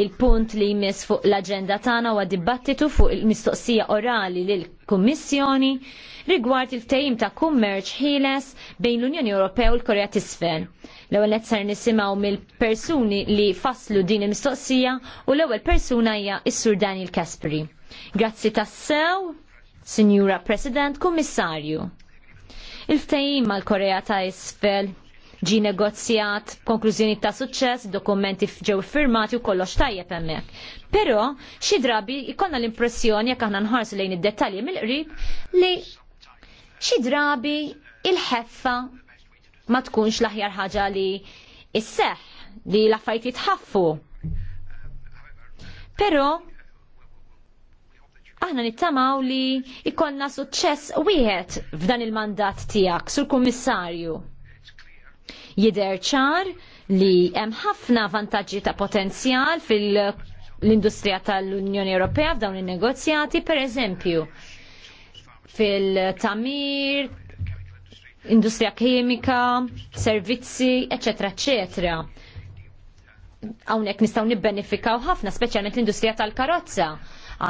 Il-punt li jmiss fuq l-agenda tagħna huwa dibattitu fuq il-mistoqsija orali lil kummissjoni rigward il-ftehim ta' kummerċ ħieles bejn l-Unjoni Ewropea u l-Korea t'isfel. L-ewwel qed ser nisimgħu mill-persuni li faslu din il-mistoqsija u l-ewwel persuna hija s-Sur Daniel Kasperi. Grazzi tassew, Sinjura President, Kummissarju. Il-ftehim mal-Korea ta' isfel ġi negozjat konklużjoni ta' suċċess, dokumenti ġew firmati u kollox tajjeb hemmhekk. Però xi drabi jkollna l-impressjoni jekk aħna nħarsu lejn id-dettalji mill-qrib li xi drabi il-ħeffa ma tkunx l-aħjar ħaġa li isseħ li l-affarijiet jitħaffu. Però aħna nittamaw li jkollna suċċess wieħed f'dan il-mandat tiegħek sur kummissarju. Jider ċar li hemm ħafna vantaġġi ta' potenzjal fil-industrija tal-Unjoni Ewropea f'dawn in-negozjati, per eżempju, fil-tamir, industrija kimika, servizzi, eċetera, eċetera. Hawnhekk nistgħu nibbenefikaw ħafna, speċjalment l-industrija tal-karozza.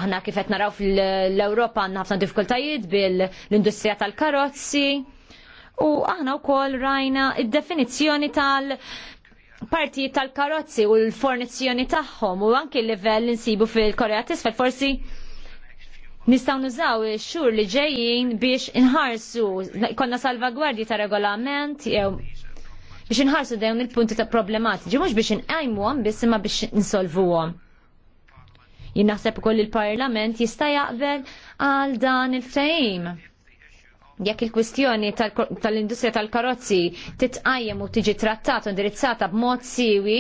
Aħna kif qed naraw fl-Ewropa għandna ħafna diffikultajiet bil-industrija tal-karozzi u aħna wkoll rajna id-definizzjoni tal- partijiet tal-karozzi u l-fornizzjoni tagħhom u anke l-livell insibu fil-Korea tisfel forsi Nistaw nużaw xur li ġejjin biex inħarsu, konna salvagwardji ta' regolament, jew biex inħarsu dawn il-punti ta' problematiċi, mux biex inqajmuhom biss imma biex insolvuhom. Jien naħseb ukoll il-Parlament jista' jaqbel għal dan il-fejm jekk il-kwistjoni tal-industrija tal-karozzi titqajjem u tiġi trattata u indirizzata b'mod siwi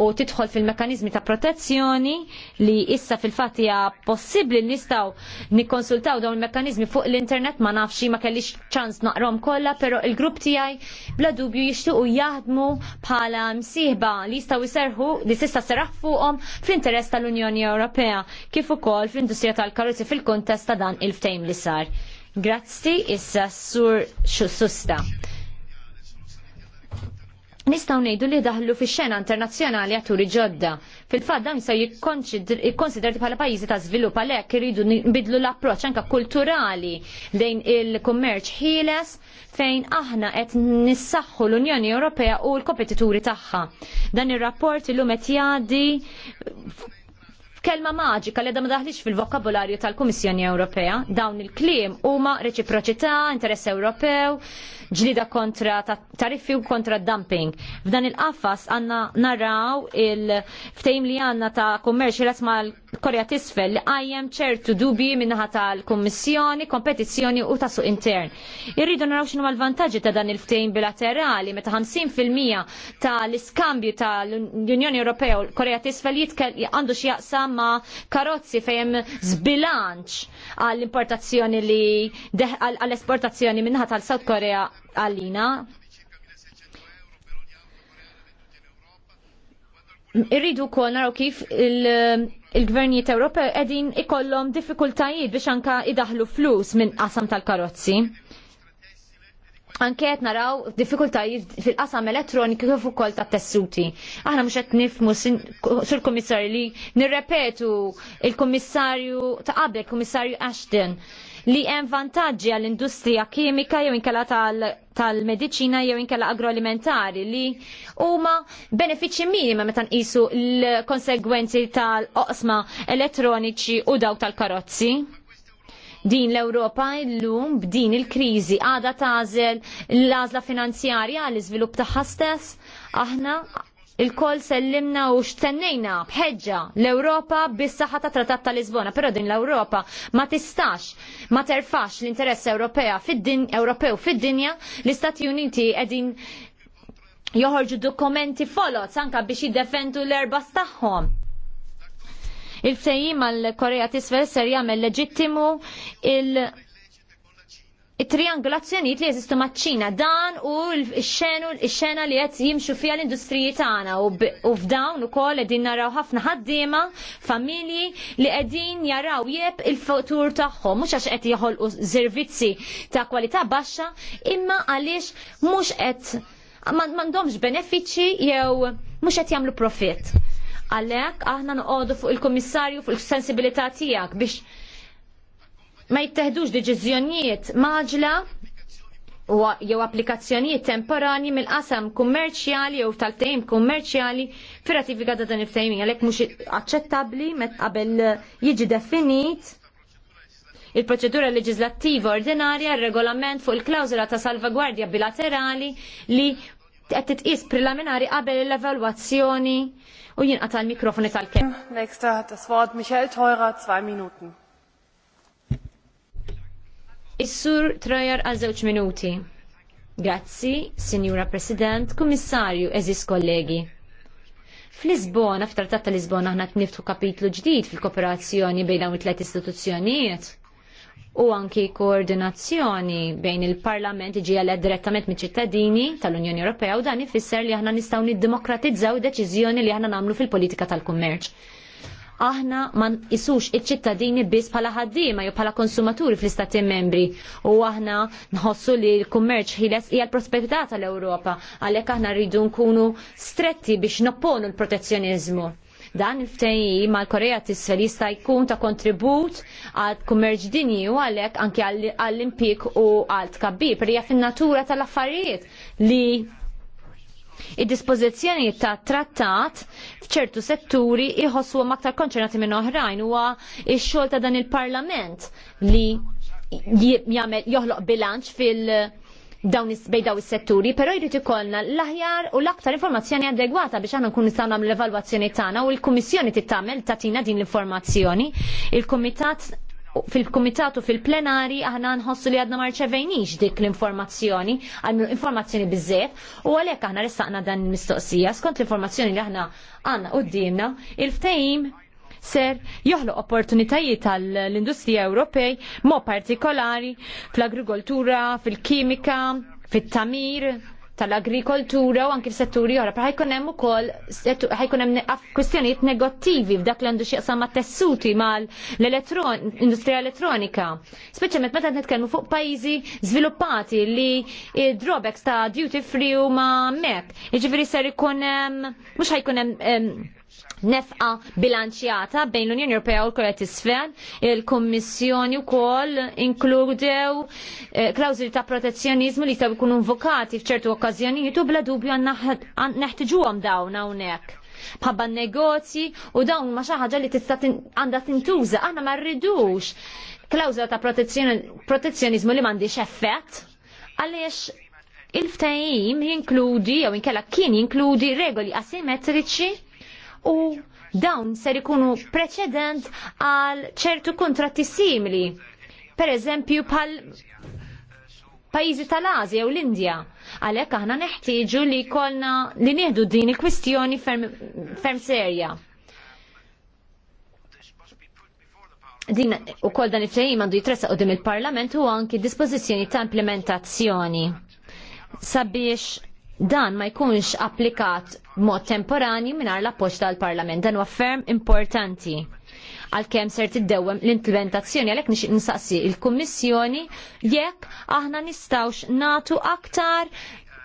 u tidħol fil mekanizmi ta' protezzjoni li issa fil-fatt hija possibbli nistgħu nikkonsultaw dawn il-mekkanizmi fuq l-internet ma nafx ma kellix ċans naqrom kollha, però il-grupp tiegħi bla dubju jixtiequ jaħdmu bħala msieħba li jistgħu jserħu li tista' serraħ fuqhom fl-interess tal-Unjoni Ewropea kif ukoll fl-industrija tal-karozzi fil-kuntest ta' dan il-ftejm li sar. Grazzi, issa sur susta. Nistaw nejdu li daħlu fi xena internazzjonali għaturi ġodda. Fil-fat dan jistaw jikkonsiderti bħala pajjiżi ta' żvilupp għalhekk iridu nbidlu l-approċċ anke kulturali lejn il-kummerċ ħieles fejn aħna qed nissaħħu l-Unjoni Ewropea u l-kompetituri tagħha. Dan ir-rapport illum qed jgħaddi kelma maġika li ma daħlix fil-vokabularju tal-Kummissjoni Ewropea. Dawn il-kliem huma reċiproċità, interess Ewropew, ġlida kontra tariffi u kontra dumping. F'dan il-qafas għanna naraw il-ftejm li għanna ta' kummerċi rasma l-Korea tisfel li għajjem ċertu dubi minnaħa tal-Kommissjoni, kompetizzjoni u ta' suq intern. Irridu naraw xinu mal-vantagġi ta' dan il-ftejm bilaterali meta 50% ta' l-iskambju ta' l-Unjoni Ewropea u l-Korea tisfel għandu xjaqsam ma' karozzi fejem zbilanċ għall-importazzjoni li għall-esportazzjoni minnaħa tal-South Korea għallina. irridu kol naraw kif il-gvernijiet Ewropa edin qegħdin ikollhom diffikultajiet biex anka idaħlu flus minn qasam tal-karozzi. Anke qed naraw diffikultajiet fil-qasam elettroniku kif ukoll tat-tessuti. Aħna mhux qed nifmu sur kummissarju li nirrepetu il-kummissarju ta' qabel, kummissarju Ashton li hemm vantaġġi għall-industrija kimika jew inkella tal-medicina jew inkella agroalimentari li huma benefiċċji minima meta nqisu l-konsegwenzi tal-oqsma elettroniċi u dawk tal-karozzi din l ewropa llum b'din il-kriżi għada tażel l-għażla finanzjarja għall-iżvilupp tagħha stess aħna il-kol sellimna u xtennejna bħedġa l-Europa bis-saħħa ta' Tratat ta' Lisbona, però din l-Europa ma tistax, ma terfax l-interess Ewropea fid-din Ewropew fid-dinja, l-Istati Uniti qegħdin joħorġu dokumenti folot anka biex jiddefendu l erba tagħhom. Il-ftejjim għal-Korea tisfel ser jagħmel leġittimu il- it-triangolazzjonijiet li jeżistu maċ-Ċina dan u l xenu x-xena li qed jimxu fiha l-industriji tagħna u f'dawn ukoll qegħdin naraw ħafna ħaddiema, familji li qegħdin jaraw jeb il-futur tagħhom mhux għax qed jieħolqu servizzi ta' kwalità baxxa imma għaliex mhux qed m'għandhomx benefiċċji jew mhux qed jagħmlu profitt. Għalhekk aħna noqogħdu fuq il-Kummissarju fuq il-sensibilità tiegħek biex ma jitteħdux deċizjonijiet maġla jew applikazzjonijiet temporani mill-qasam kummerċjali jew tal-tejm kummerċjali fir ratifika ta' dan il-tejmin għalek mhux aċċettabbli met qabel jiġi definit il-proċedura leġislattiva ordinarja, il-regolament fuq il-klawzula ta' salvagwardja bilaterali li qed titqis preliminari qabel l-evalwazzjoni u jinqata' l-mikrofoni tal kemm Next, das Wort Michael Teurer, 2 Minuten. Is-sur trajar għal żewġ minuti. Grazzi, Sinjura President, Kummissarju, eżis kollegi. Fl-Lisbona, f'Trattat ta' Lisbona aħna tniftu kapitlu ġdid fil-kooperazzjoni bejn dawn it tlet istituzzjonijiet u anki koordinazzjoni bejn il-Parlament iġi għal e direttament miċ ċittadini tal-Unjoni Ewropea u dan ifisser li aħna nistgħu niddemokratizzaw deċiżjoni li aħna nagħmlu fil-politika tal-kummerċ aħna ma isux iċ-ċittadini biss bħala ħaddiema jew bħala konsumaturi fl-istati membri u aħna nħossu li l-kummerċ ħiles hija l-prosperità tal-Ewropa għalhekk aħna rridu nkunu stretti biex nopponu l-protezzjonizmu. Dan il ma mal-Korea tisfel jista' jkun ta' kontribut għal kummerċ dinji u għalhekk anke għall-impik u għal tkabbir, per fin-natura tal-affarijiet li Id-dispożizzjoni ta' trattat f'ċertu setturi iħossu aktar konċernati minn oħrajn huwa x-xogħol ta' dan il-Parlament li jagħmel joħloq bilanċ fil- dawn bej daw is-setturi, però jrid ikollna l-aħjar u l-aktar informazzjoni adegwata biex aħna nkunu nistgħu nagħmlu l-evalwazzjoni tagħna u l-Kummissjoni tittamel tagħtina din l-informazzjoni. Il-Kumitat fil-komitatu fil-plenari aħna nħossu li għadna marċevejnix dik l-informazzjoni, informazzjoni bizzef, u għalek aħna ressaqna dan il-mistoqsija, skont l-informazzjoni li aħna għanna u d-dimna, il-ftejim ser joħloq opportunitajiet tal-industrija Ewropej, mo partikolari fl-agrikoltura, fil-kimika, fit-tamir, tal-agrikoltura u anki l-setturi oħra, pra ħajkun hemm ukoll ħajkun hemm kwistjonijiet negattivi f'dak li għandu x'jaqsam ma' tessuti mal l-industrija elettronika. Speċjalment meta nitkellmu fuq pajjiżi żviluppati li drawbacks ta' duty free u ma' mek. Jiġifieri ser ikun hemm mhux ħajkun hemm nefqa bilanċjata bejn l-Unjoni Ewropea u l-Korea Tisfel, il-Kommissjoni wkoll inkludew eh, klawżili ta' protezzjonizmu li jistgħu jkunu invokati f'ċertu okkażjonijiet u bla dubju neħtiġuhom dawn hawnhekk bħabba negozji u dawn ma xi ħaġa li tista' għandha tintuża, aħna ma rridux klawżola ta' protezzjonizmu li m'għandix effett għaliex il-ftajim jinkludi jew inkella kien jinkludi regoli asimetriċi u dawn ser ikunu preċedent għal ċertu kontratti simili. Per eżempju pal pajizi tal-Azja u l-Indja. Għalek aħna neħtieġu li kolna li nieħdu din il-kwistjoni ferm, ferm serja. Din u kol dan il-fejim għandu jitressa u dim il-parlament u anki dispozizjoni ta' implementazzjoni. Sabiex dan ma jkunx applikat mod temporani minar l-appoġġ tal-Parlament. Dan huwa ferm importanti għal-kem ser tiddewem l-implementazzjoni għalek nix nsaqsi il-Kommissjoni jekk aħna nistawx natu aktar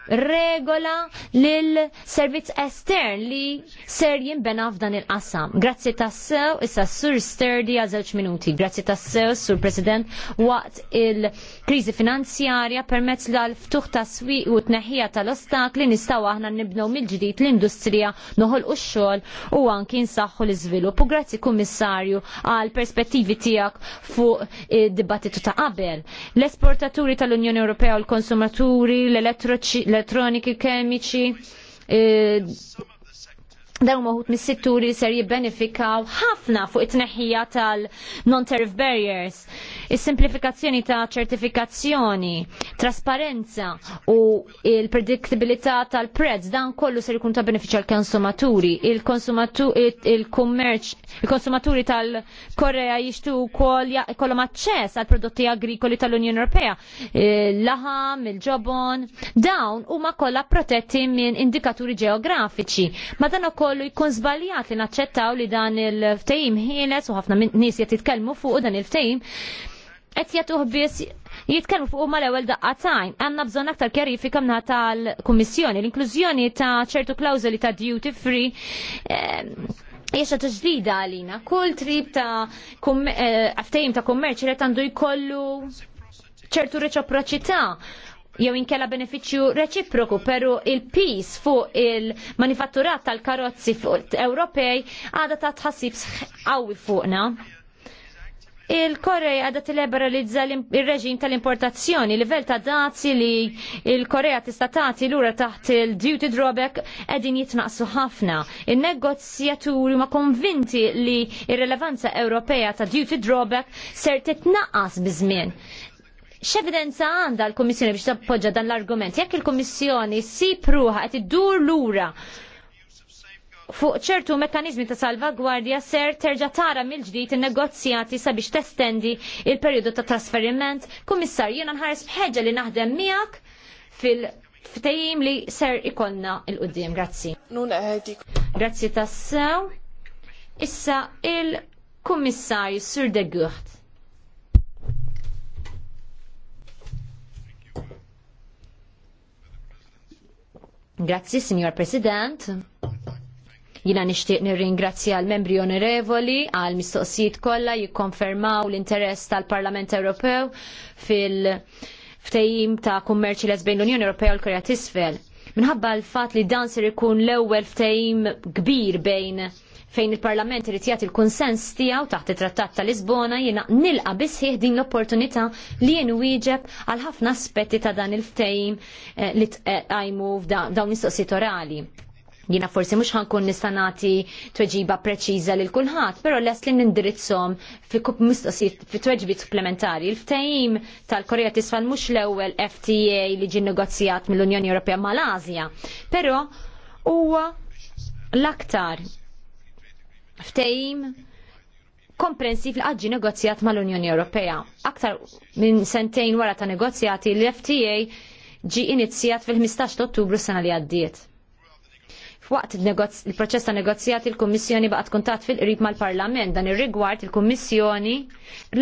regola lil servizz estern li ser jimbena f'dan il-qasam. Grazzi tassew, issa sur sterdi għal żewġ minuti. Grazzi tassew, sur president, waqt il-krizi finanzjarja permezz l-ftuħ ta' swiq u tneħħija tal-ostakli nistaw aħna nibnew mill-ġdid l-industrija noħol u x-xogħol u anki nsaħħu l-iżvilupp. U grazzi kummissarju għal perspettivi tiegħek fuq id-dibattitu ta' qabel. L-esportaturi tal-Unjoni Ewropea u l-konsumaturi, l-elettroċi, elettroniki, kemiċi, eh, dawn maħut mis-setturi ser jibbenefikaw ħafna fuq it-tneħħija tal-non-tariff barriers, is-simplifikazzjoni ta' ċertifikazzjoni, trasparenza u il-predictabilità tal-prezz, dan kollu ser ikun ta' beneficja l konsumaturi il konsumaturi tal-Korea jixtu wkoll jkollhom aċċess għal prodotti agrikoli tal-Unjoni Ewropea, l-laħam, il-ġobon, dawn huma kollha protetti minn indikaturi ġeografiċi. Ma dan kollu jkun zbaljat li naċċettaw li dan il ftejim ħieles u ħafna nies qed jitkellmu fuq dan il-ftehim qed jagħtuh biss jitkellmu fuq mal ewwel daqqa tajn. Għandna bżonn aktar kjarifika mna tal-Kummissjoni. L-inklużjoni ta' ċertu klawżoli ta' duty free eh, Jiexa t-ġdida għalina, kull trib ta' għaftajim eh, ta' kummerċi li għandu jkollu ċertu reċoproċità jew inkella benefiċċju reċiproku, pero il-pis fuq il-manifatturat tal-karozzi fuq Ewropej għadha ta' tħassib qawwi fuqna. Il-Korea għadha liberalizza il-reġim tal-importazzjoni, livell ta' dazi li il-Korea tista' tagħti lura taħt il-duty drawback qegħdin jitnaqsu ħafna. In-negozjaturi ma konvinti li il relevanza Ewropea ta' duty drawback ser titnaqqas bizmin. X'evidenza għandha l-Kummissjoni biex tappoġġa dan l-argument? Jekk il-Kummissjoni ssib ruħa qed iddur lura fuq ċertu mekkanizmi ta' salvagwardja ser terġa tara mill-ġdid in-negozjati sabiex testendi il-perjodu ta' trasferiment. Kummissar, jiena nħares bħeġġa li naħdem miegħek fil-ftejim li ser ikonna il-qudiem. Grazzi. Nun għedik. Grazzi tassaw. Issa il-kummissarju Sur de Gucht. Grazzi, Signor President. Jina nishtiq nirringrazzja għal membri onorevoli għal mistoqsijiet kollha jikkonfermaw l-interess tal-Parlament Ewropew fil-ftejim ta' kummerċi bejn l-Unjoni Ewropea u l-Korea Tisfel. Minħabba l-fat li dan ser ikun l-ewwel ftehim kbir bejn fejn il-Parlament irid jagħti l-kunsens tiegħu taħt it-Trattat ta' Lisbona jiena nilqa' bisħieħ din l-opportunità li jien wieġeb għal ħafna aspetti ta' dan il-ftejm eh, li tqajmu f'dawn mistoqsijiet orali jina forsi mux ħankun nistanati tweġiba preċiża lil kulħadd, però lest li nindirizzhom fi mistoqsijiet fi supplementari. Il-ftehim tal-Korea tisfal mhux l-ewwel FTA li ġi negozjat mill-Unjoni Ewropea mal-Asja, però huwa l-aktar ftejim komprensiv li għadġi negozjat mal-Unjoni Ewropea. Aktar minn sentejn wara ta' negozjati l-FTA ġi inizjat fil-15 ottubru sena li għaddiet. F'waqt il-proċess ta' negozjati il-Kummissjoni baqgħet kuntat fil-qrib mal-Parlament dan ir-rigward il-Kummissjoni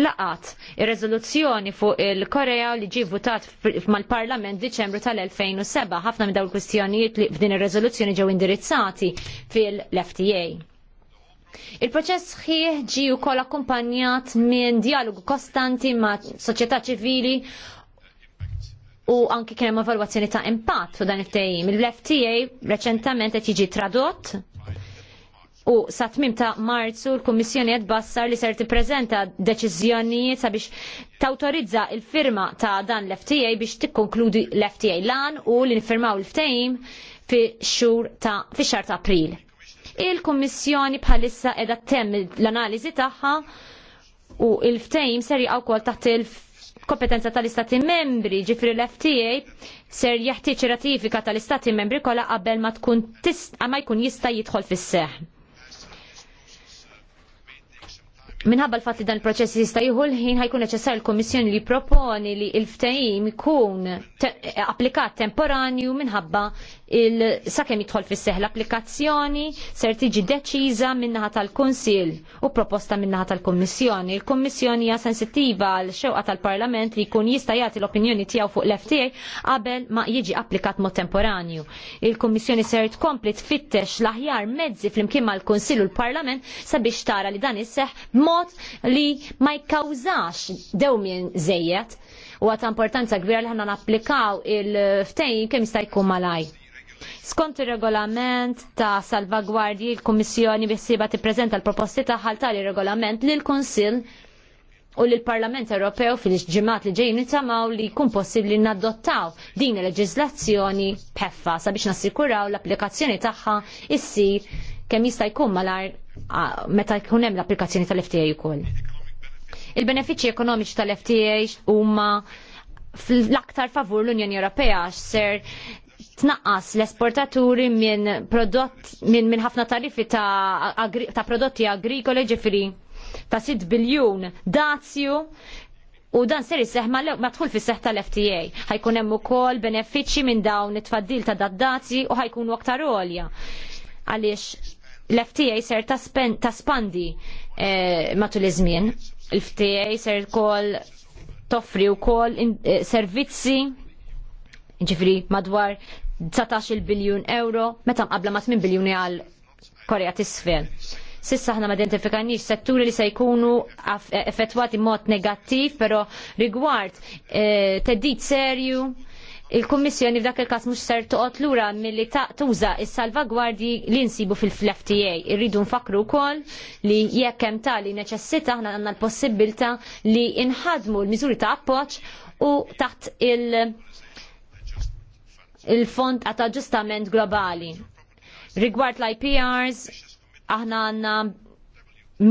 laqat ir-reżoluzzjoni fuq il-Korea li ġie votat mal-Parlament Diċembru tal-2007 ħafna minn dawn il kwistjonijiet li f'din ir-reżoluzzjoni ġew indirizzati fil-FTA. Il-proċess ħieħ ġi wkoll akkumpanjat minn dialogu kostanti ma' soċjetà ċivili u anki kien hemm evalwazzjoni ta' impatt fuq dan it-tejjim. Il-FTA reċentament qed jiġi tradott u sa tmim ta' Marzu l-Kummissjoni qed bassar li ser tippreżenta deċiżjonijiet sabiex tawtorizza il-firma ta' dan l-FTA biex tikkonkludi l-FTA lan u li nifirmaw l ftejim fi xur ta' fi xar ta' April. Il-Kummissjoni bħalissa edha temm l-analiżi tagħha u il-ftejm ser jaqgħu wkoll taħt il-kompetenza tal-Istati membri ġifri l-FTA ser jeħtieġ ratifika tal-Istati membri kollha qabel ma tkun ma jkun jista' jidħol fis-seħħ. Minħabba l-fat li dan il-proċess jista' jieħu l-ħin ħajkun neċessar il-Kummissjoni li proponi li l-ftehim ikun applikat temporanju minħabba sakemm jidħol fis-seħ l-applikazzjoni ser tiġi deċiża minnaħa tal-Kunsill u proposta minnaħa tal-Kummissjoni. Il-Kummissjoni hija sensittiva għal xewqa tal-Parlament li jkun jista' jagħti l-opinjoni tiegħu fuq l-FTA qabel ma jiġi applikat mod temporanju. Il-Kummissjoni ser tkompli tfittex l-aħjar mezzi flimkien mal-Kunsill u l-Parlament sabiex tara li dan isseħ b'mod li ma jkawżax dewmien żejjed u għat importanza kbira li ħana napplikaw il-ftejn kemm jista' jkun malaj. Skont ir-regolament ta' salvagwardji l-Kummissjoni ti tippreżenta l-proposti ta' ħaltali regolament lil kunsill u li l-Parlament Ewropew fil ġimat li ġejni tamaw li jkun possibbli nadottaw din il-leġiżlazzjoni peffa sabiex nassikuraw l-applikazzjoni tagħha issir kemm jista' jkun malar meta jkun hemm l-applikazzjoni tal-FTA ukoll. Il-benefiċċji ekonomiċi tal-FTA huma fl-aktar favur l-Unjoni Ewropea għax ser tnaqqas l-esportaturi minn prodott minn min ħafna tariffi ta', agri, ta prodotti agrikoli ġifiri ta' 6 biljun dazju u dan ser jisseħ ma tħul fis seħ tal-FTA. Ħajkun hemm ukoll benefiċċji minn dawn it-tfaddil ta' dazzji u ħajkunu aktar għolja. Għaliex l-FTA ser taspandi eh, matul iż-żmien. L-FTA ser kol toffri wkoll eh, servizzi ġifri madwar 19 biljun euro meta qabla ma' 8 biljuni għal Korea tisfel. Sissa ħna ma identifikanix setturi li se jkunu effettwati mod negattiv, pero rigward eh, teddit serju il-Kummissjoni f'dak il-każ mhux ser toqgħod lura milli taqtuża s-salvagwardji li nsibu fil-FTA. Irridu nfakru wkoll li jekk hemm tali neċessità aħna għandna l-possibilità li inħadmu l-miżuri ta' appoġġ u taħt il- il-fond għat aġġustament globali. Rigward l-IPRs, aħna għanna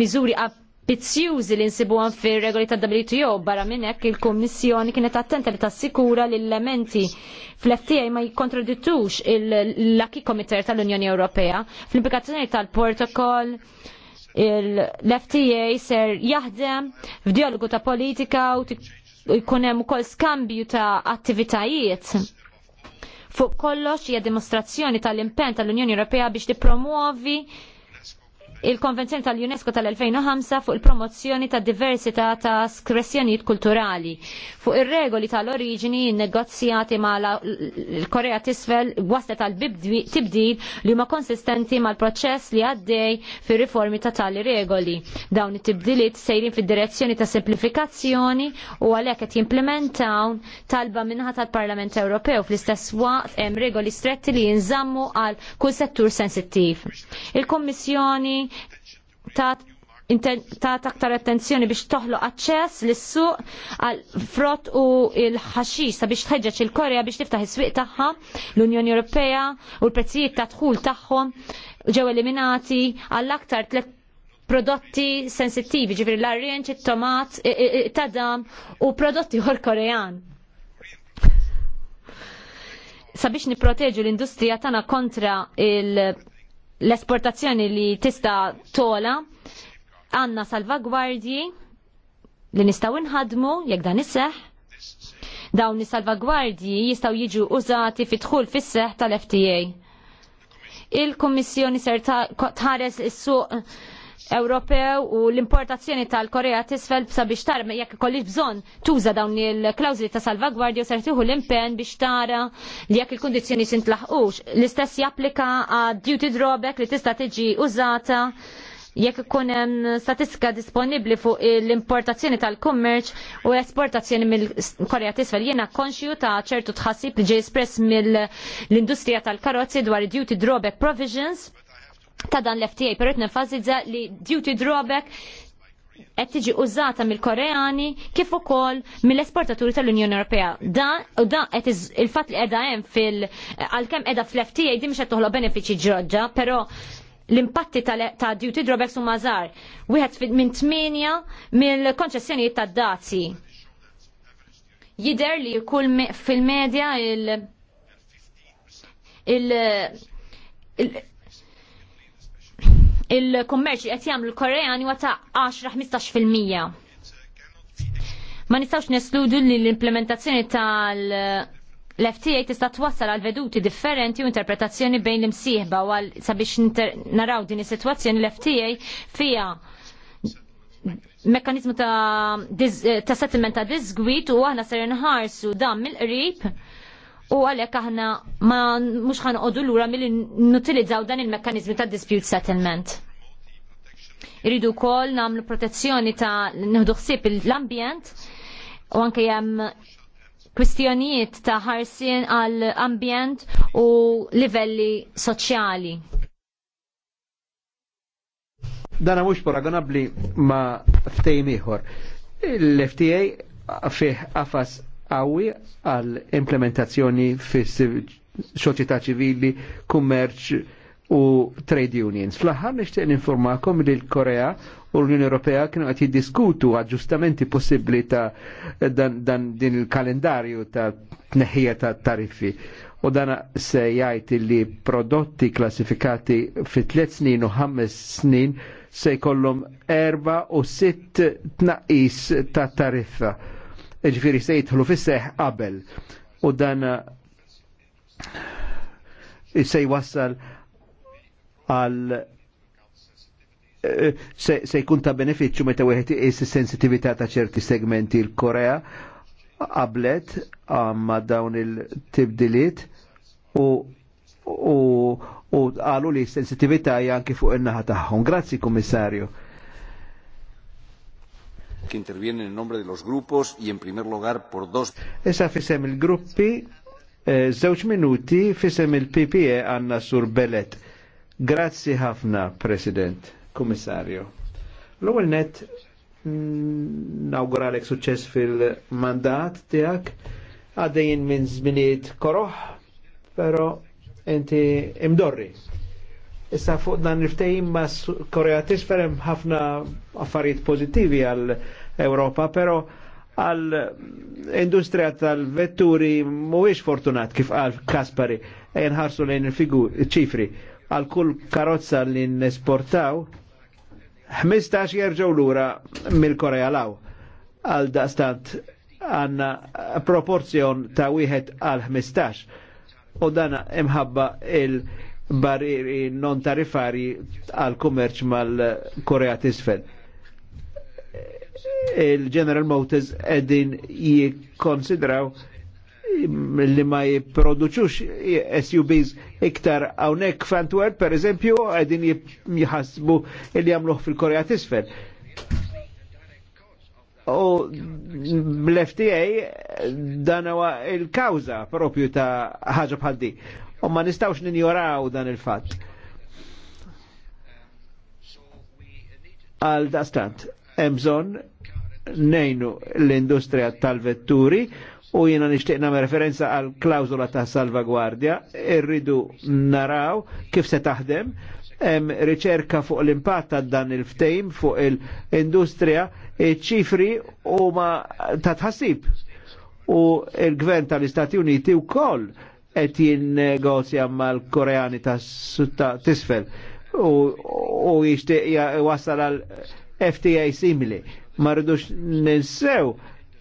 miżuri Pizzjużi li nsibuhom fir-regoli ta' WTO barra minn hekk il-Kummissjoni kienet attenta li tassikura li l-elementi fl-FTA ma jikontradittux l-Lucky Committer tal-Unjoni Ewropea fl-implikazzjoni tal-protokoll l-FTA ser jaħdem f'dialogu ta' politika u jkun hemm ukoll skambju ta' attivitajiet fuq kollox hija dimostrazzjoni tal-impenn tal-Unjoni Ewropea biex tippromuovi il-Konvenzjoni tal-UNESCO tal-2005 fuq il-promozzjoni ta' diversità ta' skressjonijiet kulturali, fuq ir-regoli tal-oriġini negozjati ma' l-Korea tisfel waslet tal tibdil li huma konsistenti mal-proċess li għaddej fir riformi ta' tali regoli. Dawn it-tibdiliet sejrin fid-direzzjoni ta' semplifikazzjoni u għalhekk qed jimplementaw talba minnaħa tal-Parlament Ewropew fl-istess waqt hemm regoli stretti li jinżammu għal kull settur sensittiv. Il-Kommissjoni ta' ta' taktar attenzjoni biex toħloq aċċess l suq għal frott u l-ħaxix sabiex tħeġġeġ il-Korea biex tiftaħ is-swieq tagħha, l-Unjoni Ewropea u l-prezzijiet ta' dħul tagħhom ġew eliminati għall aktar tliet prodotti sensittivi, ġifri l-arrinċ, il-tomat, il-tadam u prodotti għor korean. Sabiex niproteġu l-industrija tana kontra il- l-esportazzjoni li tista tola għanna salvagwardji li nistaw inħadmu jekk dan isseħ dawn is-salvagwardji jistgħu jiġu użati fi dħul fis-seħ tal-FTA. Il-Kummissjoni ser tħares is-suq Ewropew u l-importazzjoni tal-Korea tisfel sabiex tara jekk kollix bżonn tuża dawn il-klawżli ta' salvagwardja u tieħu l-impenn biex tara li jekk il-kundizzjoni sintlaħqux. L-istess japplika għad duty drawback li tista' tiġi użata jekk ikun hemm statistika disponibbli fuq l-importazzjoni tal-kummerċ u l-esportazzjoni mill-Korea t'isfel jiena konxju ta' ċertu tħassib li ġej espress mill-industrija tal-karozzi dwar duty drawback provisions ta' dan l-FTA, pero qed nenfasizza li duty drawback qed tiġi użata mill-Koreani kif ukoll mill-esportaturi tal-Unjoni Ewropea. Da u da qed il-fatt li qiegħda hemm fil- għalkemm qiegħda fl-FTA di mhux qed toħloq benefiċċji ġodda, però l-impatti ta' duty drawbacks huma żgħar. Wieħed minn tminja mill-konċessjonijiet tad dazi Jider li kull fil-medja il- il- il-kummerċ qed jagħmlu l-Koreani huwa ta' 10-15%. Ma nistgħux nesludu li l-implementazzjoni tal- fta tista' twassal għal veduti differenti u interpretazzjoni bejn l-imsieħba u għal sabiex naraw din is-sitwazzjoni l-FTA fija mekkanizmu ta', ta settlement ta' disgwit u aħna ser nħarsu dan mill-qrib u għalhekk aħna ma mhux ħanqodu lura milli nutilizzaw dan il-mekkaniżmi ta' dispute settlement. Iridu wkoll nagħmlu protezzjoni ta' nieħdu ħsieb l-ambjent u anke hemm kwistjonijiet ta' ħarsien għall ambjent u livelli soċjali. Dana mhux paragonabli ma' ftejmiħor. ieħor. L-FTA fih għafas qawwi għal implementazzjoni fis soċjetà ċivili, kummerċ u trade unions. Fl-aħħar nixtieq ninformakom li l-Korea u l-Unjoni Ewropea kienu qed jiddiskutu aġġustamenti possibbli ta' dan, dan din il-kalendarju ta' tneħħija ta' tariffi. U dan se jgħid li prodotti klassifikati fi tliet snin u ħames snin se jkollhom erba' u sitt tnaqqis ta' tariffa ġifiri se jitħlu fis-seħ qabel. U dan eh, se jwassal għal eh, se jkun ta' beneficju meta wieħed is sensitività ta' ċerti segmenti l-Korea qablet għamma dawn il-tibdiliet u u u għalu li sensitivita hija anki fuq in-naħa tagħhom. Grazzi, komissarju que intervienen en nombre de los grupos y en primer lugar por dos. Esa fisem il-gruppi, eh, zewċ minuti fisem il-PPE għanna sur Belet. Grazzi ħafna, President, Komissario. L-ewwel net mm, nawguralek suċċess fil-mandat tiegħek għaddejjin minn żminijiet koroħ, però inti imdorri. Issa fuq dan il-ftehim ma' Korea tisferem ħafna affarijiet pozittivi għal Ewropa, pero għal industrija tal-vetturi mhuwiex fortunat kif għal Kaspari jenħarsu lejn il-ċifri figu għal kull karozza li nesportaw 15 jerġgħu lura mill-Korea law għal daqstant għanna proporzjon ta' wieħed għal 15 u dan imħabba il-barriri non tarifari għal kummerċ mal-Korea t tisfel il-General Motors edin jikonsidraw li ma jiproduċux SUVs iktar għawnek fantwer, per eżempju, għedin jħasbu li jamluħ fil-Korea t isfer U bl-FTA dan huwa il-kawza propju ta' ħaġa bħal di. U ma nistawx ninjoraw dan il fat Għal dastant, hemm bżonn nejnu l-industrija tal-vetturi u jina nishtiq nagħmel referenza għal klawzula ta' salvagwardja, irridu naraw kif se taħdem, hemm riċerka fuq l-impatt ta' dan il-ftejm fuq il-industrija, ċifri u ma ta' tħassib. U il-gvern tal-Istati Uniti u koll qed jinnegozja mal-Koreani ta' tisfel u jixtieq wassal għal FTA simili. Ma rridux ninsew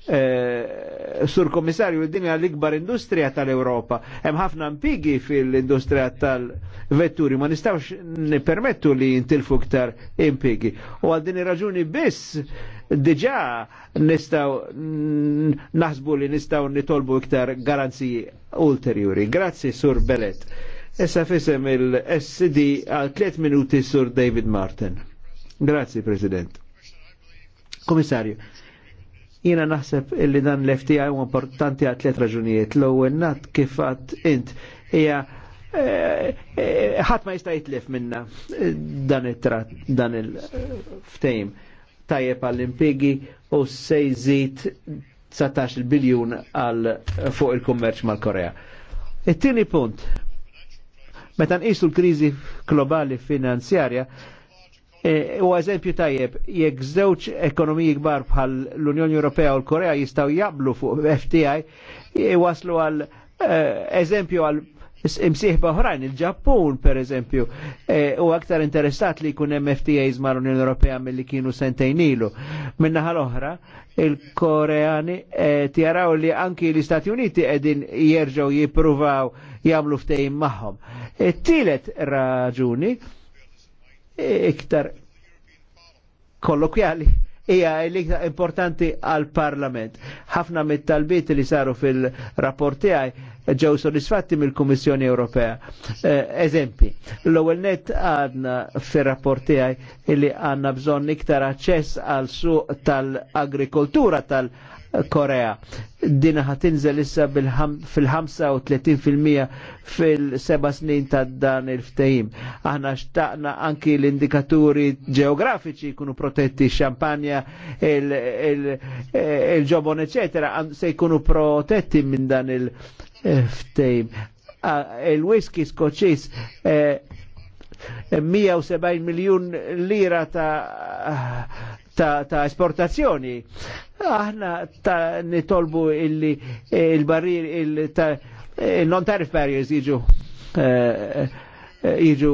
eh, sur komissarju din hija l-ikbar industrija tal-Ewropa. Hemm ħafna impigi fil-industrija tal-vetturi, ma nistgħux nippermettu li jintilfu iktar impigi. U għal din ir-raġuni biss diġà nistgħu naħsbu li nistgħu nitolbu iktar garanziji ulterjuri. Grazzi sur Belet. Issa fisem il-SD għal 3 minuti sur David Martin. Grazie President. Komissarju, jina naħseb illi dan l-FTI u importanti għat tliet raġunijiet. L-ewwel nat kif għat int hija eh, eh, ħadd ma jista' jitlef minna eh, dan it-trat dan il-ftejm tajjeb għall-impigi u se jżid 19 biljun għal fuq il-kummerċ mal-Korea. It-tieni punt, meta nqisu l-kriżi globali finanzjarja, E, u eżempju tajjeb, jekk żewġ ekonomiji kbar bħal l-Unjoni Ewropea u l-Korea jistaw jablu fuq FTI, waslu għal e, eżempju għal imsieħba oħrajn, il-Ġappun per eżempju, e, u aktar interessat li jkun hemm FTAs mal-Unjoni Ewropea mill-li kienu sentejn ilu. Minnaħa l-oħra, il-Koreani tjaraw li anki l-Istati Uniti edin jerġgħu jippruvaw jagħmlu ftejn magħhom. Tilet raġuni E iktar kollokjali hija l-iktar importanti għal parlament. Ħafna mit-talbiet li saru fil rapporti għaj ġew soddisfatti mill-Kummissjoni Ewropea. E, eżempi, l-ewwel net għadna fir rapporti għaj li għandna bżonn iktar aċċess għal suq tal-agrikoltura tal-agrikoltura Korea. Dina ħatinżel issa fil-35% fil-seba snin ta' dan il-ftehim. Aħna xtaqna anki l-indikaturi ġeografiċi kunu protetti xampanja, il-ġobon, il, eccetera, se jkunu protetti minn dan il-ftehim. Eh, ah, Il-whisky skoċis eh, 170 miljun lira ta' ta', ta esportazzjoni. Aħna ta' nitolbu illi il-barrir il-non-tariff barriers jiġu eh, jiġu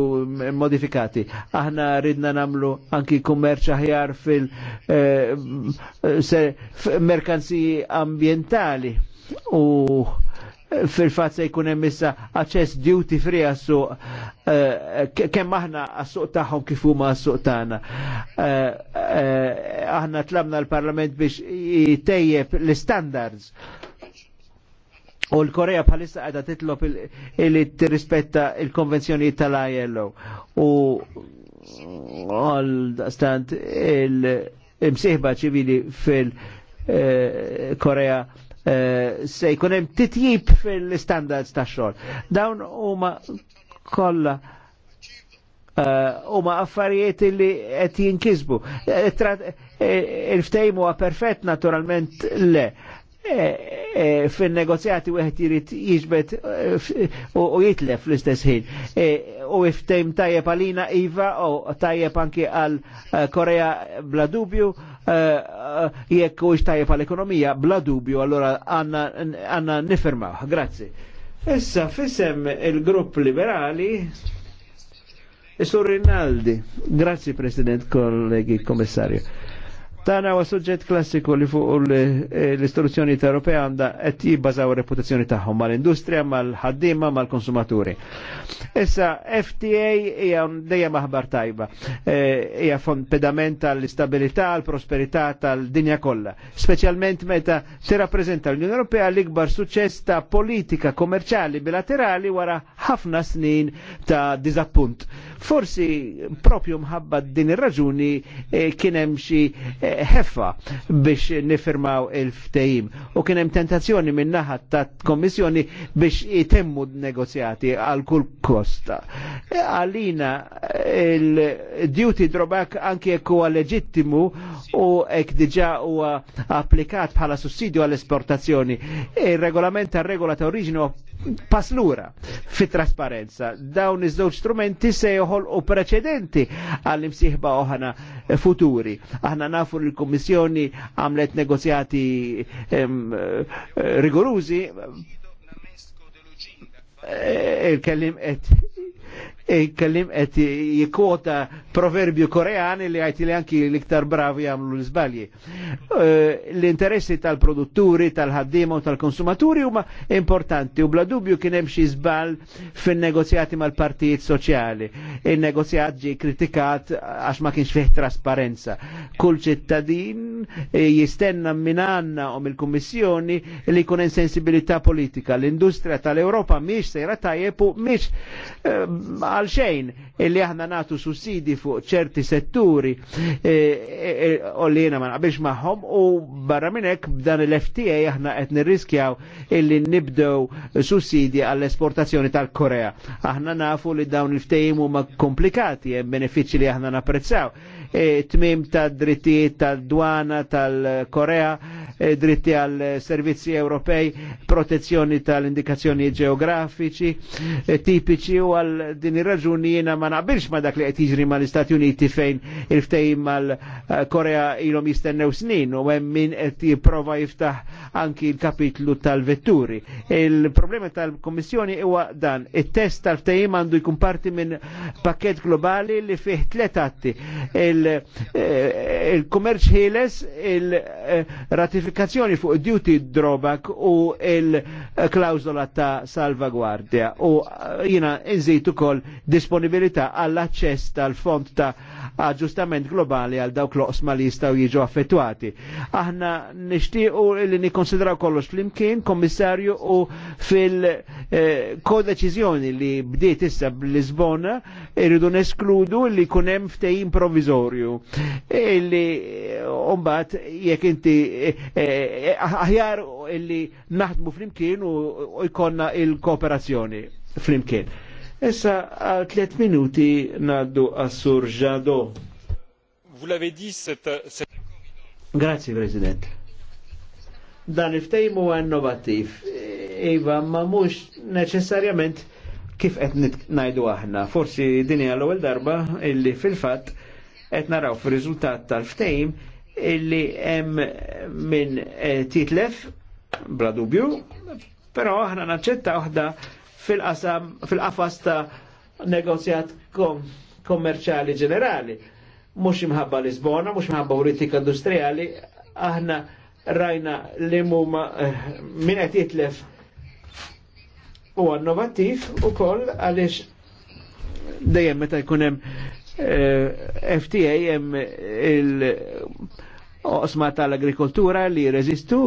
modifikati. Aħna ridna namlu anki kummerċ aħjar fil eh, merkanzi ambientali u uh, fil-fat se jkun hemm issa duty free għassu eh, kem maħna kemm aħna għas-suq tagħhom kif huma għas eh, eh, Aħna tlabna l-Parlament biex jtejjeb l-standards U l-Korea bħalissa għada titlob li tirrispetta il-konvenzjoni tal-ILO. U għal-stant il-msiħba ċivili fil-Korea Eh, se jkun hemm titjib fil-standards tax-xogħol. Dawn huma kollha eh, huma affarijiet li qed jinkisbu. Eh, Il-ftejmu perfett naturalment le E, eh, eh, fil-negozjati eh, u għet jirit jiġbet u jitlef l-istess ħin. U iftejm tajjeb għalina Iva u tajjeb anki għal Korea bla dubju jekk u tajjeb għal ekonomija bla dubju allora għanna nifirmaw. Grazzi. Issa fissem il-grupp liberali Sur Rinaldi, grazie Presidente, colleghi, commissario. Dan huwa suġġett klassiku li fuq l eh, ta' Ewropea għandha qed jibbażaw reputazzjoni tagħhom mal-industrija, mal-ħaddiema, mal-konsumaturi. Issa FTA hija dejjem aħbar tajba. Eh, hija fond pedament tal-istabilità, l-prosperità tal-dinja kollha, speċjalment meta tirrappreżenta l-Unjoni Ewropea l-ikbar suċċess ta' politika kommerċali bilaterali wara ħafna snin ta' diżappunt. Forsi propju mħabba din ir-raġuni eh, kien hemm xi eh, ħeffa biex nifirmaw il-ftehim u kien hemm tentazzjoni minn naħat ta' kommissjoni biex itemmu negozjati għal kull kosta. Għalina eh, il-duty drawback anke jekk huwa leġittimu u hekk diġà huwa applikat bħala sussidju għall-esportazzjoni. Il-regolament tar-regola ta' paslura fit trasparenza dawn iż-żewġ strumenti se joħol u preċedenti għall imsieħba oħana futuri. Aħna nafu li l-Kummissjoni għamlet negozjati rigorużi e, il-kellim jikkellim qed jikota proverbju koreani li għajti li anki liktar bravi għamlu l-izbalji. Eh, l-interessi tal-produtturi, tal-ħaddima u tal-konsumaturi huma importanti u bla dubju kien hemm xi żball fin-negozjati mal-partijiet soċjali. Il-negozjat ġi kritikat għax ma kienx fih trasparenza. Kull ċittadin eh, jistenna minn għandna u mill-Kummissjoni li jkun hemm sensibilità politika. L-industrija tal-Ewropa mhix sejra tajjeb u mhix eh, għal xejn illi aħna natu sussidi fuq ċerti setturi u e, e, e, li jena ma naqbilx maħħom u barra minnek b'dan il-FTA aħna qed nirriskjaw illi nibdew sussidi għall-esportazzjoni tal-Korea. Aħna nafu li dawn il-ftejim huma komplikati hemm benefiċċji li aħna napprezzaw. Tmim ta' drittijiet tal-dwana tal-Korea, dritti għal servizzi Ewropej, protezzjoni tal-indikazzjoni ġeografiċi, tipiċi u għal din raġuni jena ma naqbilx ma dak li qed jiġri mal-Istati Uniti fejn il-ftehim mal-Korea ilhom jistennew snin u hemm min qed jipprova jiftaħ anki l-kapitlu tal-vetturi. Il-problema tal-Kommissjoni huwa dan. It-test tal-ftehim għandu jkun parti minn pakket globali li fih tlet atti. Eh, il-kummerċ ħieles, il-ratifikazzjoni fuq duty drawback u il-klawzola ta' salvaguardja. U eh, jina nżid ukoll disponibilità għall-aċċess tal-fond ta' aġġustament globali għal dawk l-oqsma li jistgħu jiġu affettwati. Aħna nixtiequ li nikkonsidraw kollox flimkien, kommissarju u fil-kodeċiżjoni li bdiet issa bl-Lisbona irridu neskludu li kunem ftejim provizorju. Illi umbat jekk inti eh, eh, aħjar illi naħdmu flimkien u jkonna il-kooperazzjoni flimkien. Issa għal tliet minuti naddu għassur ġado. Vous l'avez dit, Grazie, President. Dan il-ftejmu innovativ. Iva, ma mux neċessarjament kif qed najdu aħna. Forsi dini għall ewwel darba illi fil-fatt qed naraw fir-riżultat tal-ftejm illi hemm minn eh, titlef bla dubju, però aħna naċċetta waħda fil-qasam, fil-qafas ta' negozjat kom kommerċali ġenerali. Mux imħabba Lisbona, mux imħabba politika industrijali, aħna rajna li muma eh, min qed jitlef u innovattiv u koll għaliex dejjem meta jkun hemm eh, FTA hemm il- oqsma tal-agrikoltura li jreżistu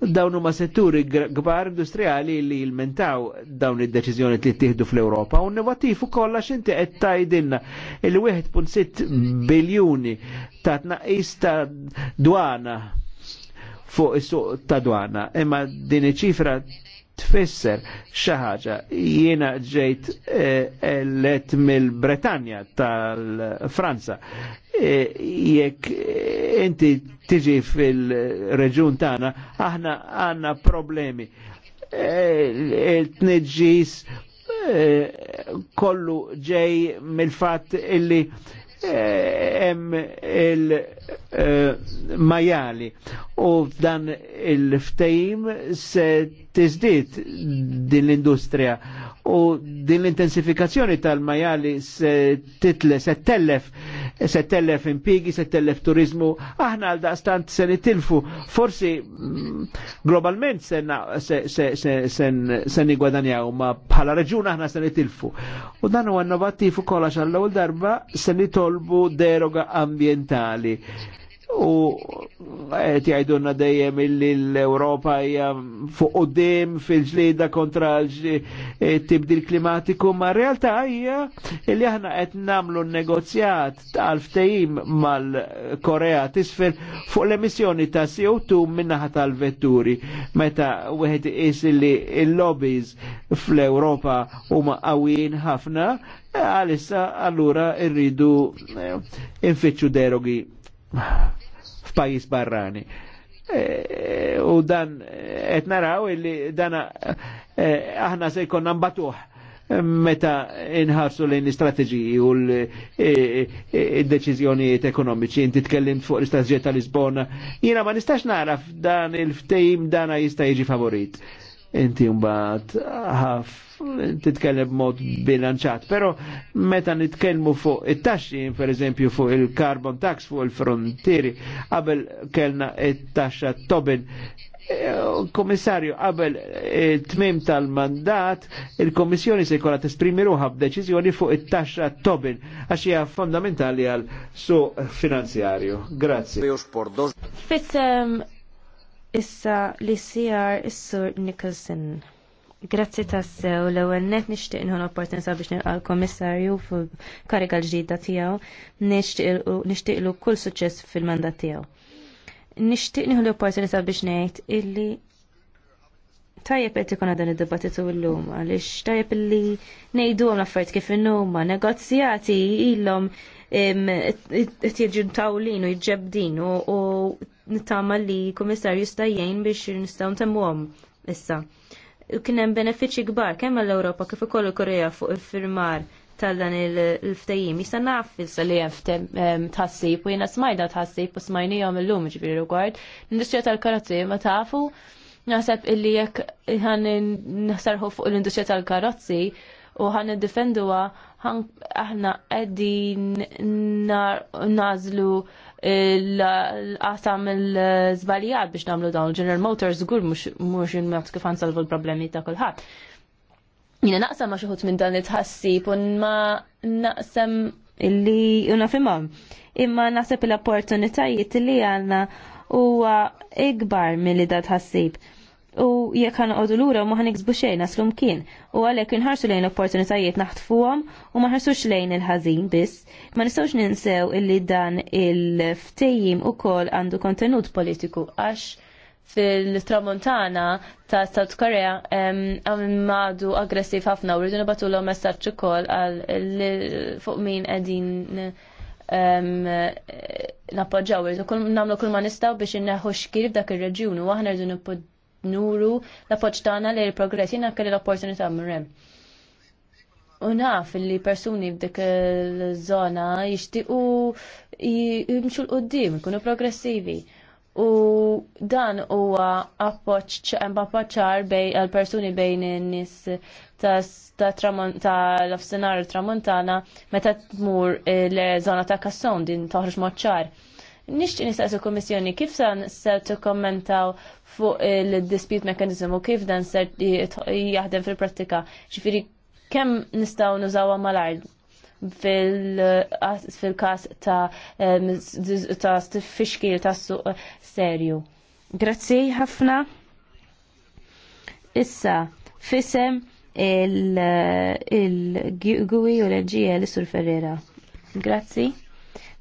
dawn huma setturi kbar industrijali li jilmentaw dawn id-deċiżjoni li ttieħdu fl-Ewropa u innovattiv ukoll għax inti qed tgħidilna il-1.6 biljuni ta' tnaqqis ta' dwana fuq is-suq ta' dwana. Imma din iċ-ċifra tfisser xi ħaġa. Jiena ġejt eh, elett mill-Bretanja tal-Franza. Eh, jekk eh, inti tiġi fil-reġun tagħna, aħna għandna problemi. Il-tniġġis kollu ġej mill-fatt illi hemm il-majali u f'dan il-ftejim se tizdit din l-industrija u din l-intensifikazzjoni tal-majali se title, se tellef, se tellef impigi, se tellef turizmu, aħna għal daqstant se nitilfu, forsi mm, globalment se, se, se, nigwadanjaw, ma bħala reġun aħna se nitilfu. U dan huwa innovattiv ukoll għax għall-ewwel darba se nitolbu deroga ambientali u eh, għet jajdunna dejjem illi l-Europa hija fuq qoddim fil-ġlida kontra l-tibdil eh, klimatiku, ma realtà hija illi aħna qed namlu negozjat tal ftehim mal-Korea tisfel fuq l-emissjoni ta' CO2 min-naħa tal-vetturi. Meta wieħed is illi l-lobbies fl-Europa huma qawwin ħafna, eh, għalissa allura irridu infittxu derogi f'pajjiż barrani. E, u dan qed naraw illi dan e, aħna se jkollna mbatuħ meta inħarsu lejn l istrateġiji u e, l-deċiżjonijiet ekonomiċi, inti tkellimt fuq l-istrateġija ta' lisbona jiena ma nistax naraf dan il-ftejim dana jista' jiġi favorit. Inti mbagħad ħaf titkellem b'mod bilanċat, pero meta nitkellmu fuq it-taxxi, per eżempju fuq il-carbon tax fuq il-frontieri, qabel kellna it-taxxa Tobin e, Komissarju, qabel e, tmim tal-mandat, il-Komissjoni se jkollha tesprimi ruħa b'deċiżjoni fuq it-taxxa Tobin għax hija fondamentali għal su finanzjarju. Grazzi. Fissem issa li sijar is-Sur Nicholson. Grazzi tassew l ewwel net nixtieq nħon opportunità biex nilqa' l-Komissarju fil-kariga l-ġdida tiegħu, nixtieqlu kull suċċess fil-mandat tiegħu. Nixtieq nieħu l-opportunità biex ngħid illi tajjeb qed ikon dan id-dibattitu lum għaliex tajjeb illi ngħidulhom l-affarijiet kif innuma negozjati ilhom jiġu tawlin u jġebdin u nittama li komissarju stajjen biex nistaw ntemmuhom issa kien hemm benefiċċji kbar kemm għall-Ewropa kif ukoll il-Korea fuq il-firmar tal dan il-ftajim. Jista' naf issa li hemm tħassib u jiena smajda tħassib u smajnijhom illum ġifieri rigward. L-industrija tal-karozzi ma tafu naħseb illi jekk ħan naħsarħu fuq l-industrija tal-karozzi u ħan niddefenduha aħna qegħdin nażlu na l-qasam l-zbalijat biex namlu dawn. General Motors gur mux il kifan kif salvu l-problemi ta' kullħat. Jina naqsam ma xuħut minn dan it-ħassib un ma naqsam illi fimam. Imma naħseb l-opportunitajiet li għanna huwa ikbar mill-li da tħassib. ħassib u jekk ħan għodu l-ura ma ħan iksbu xejn aslu kien. u għalek nħarsu lejn opportunitajiet naħtfuhom u ma ħarsux lejn il-ħażin biss. Ma nistgħux ninsew illi dan il-ftejjim ukoll għandu kontenut politiku għax fil-tramontana ta' South Korea għamadu aggressiv ħafna u rridu nibatu l messaċ ukoll għal fuq min qegħdin nappoġġaw, rridu namlu kull ma nistaw biex inneħu xkir f'dak ir-reġjun u aħna rridu nuru la poċtana li l-progress jina kelli l-opportunità mrem. U naf li persuni b'dik l-zona jishtiqu jimxu l-qoddim, kunu progressivi. U dan huwa appoċċar bej għal-persuni bejn n-nis ta' l-ofsenar tramontana meta tmur l-zona ta' kasson din toħroġ moċċar. Nixti nistaqsu kommissjoni kif san se t-kommentaw fuq il-dispute mechanism u kif dan ser jaħdem fil-prattika. ċifiri, kemm nistaw nużawa mal-ard fil-kas ta' ta' fixkil ta' suq serju. Grazzi ħafna. Issa, fisem il-gui u l li sur Ferrera. Grazzi.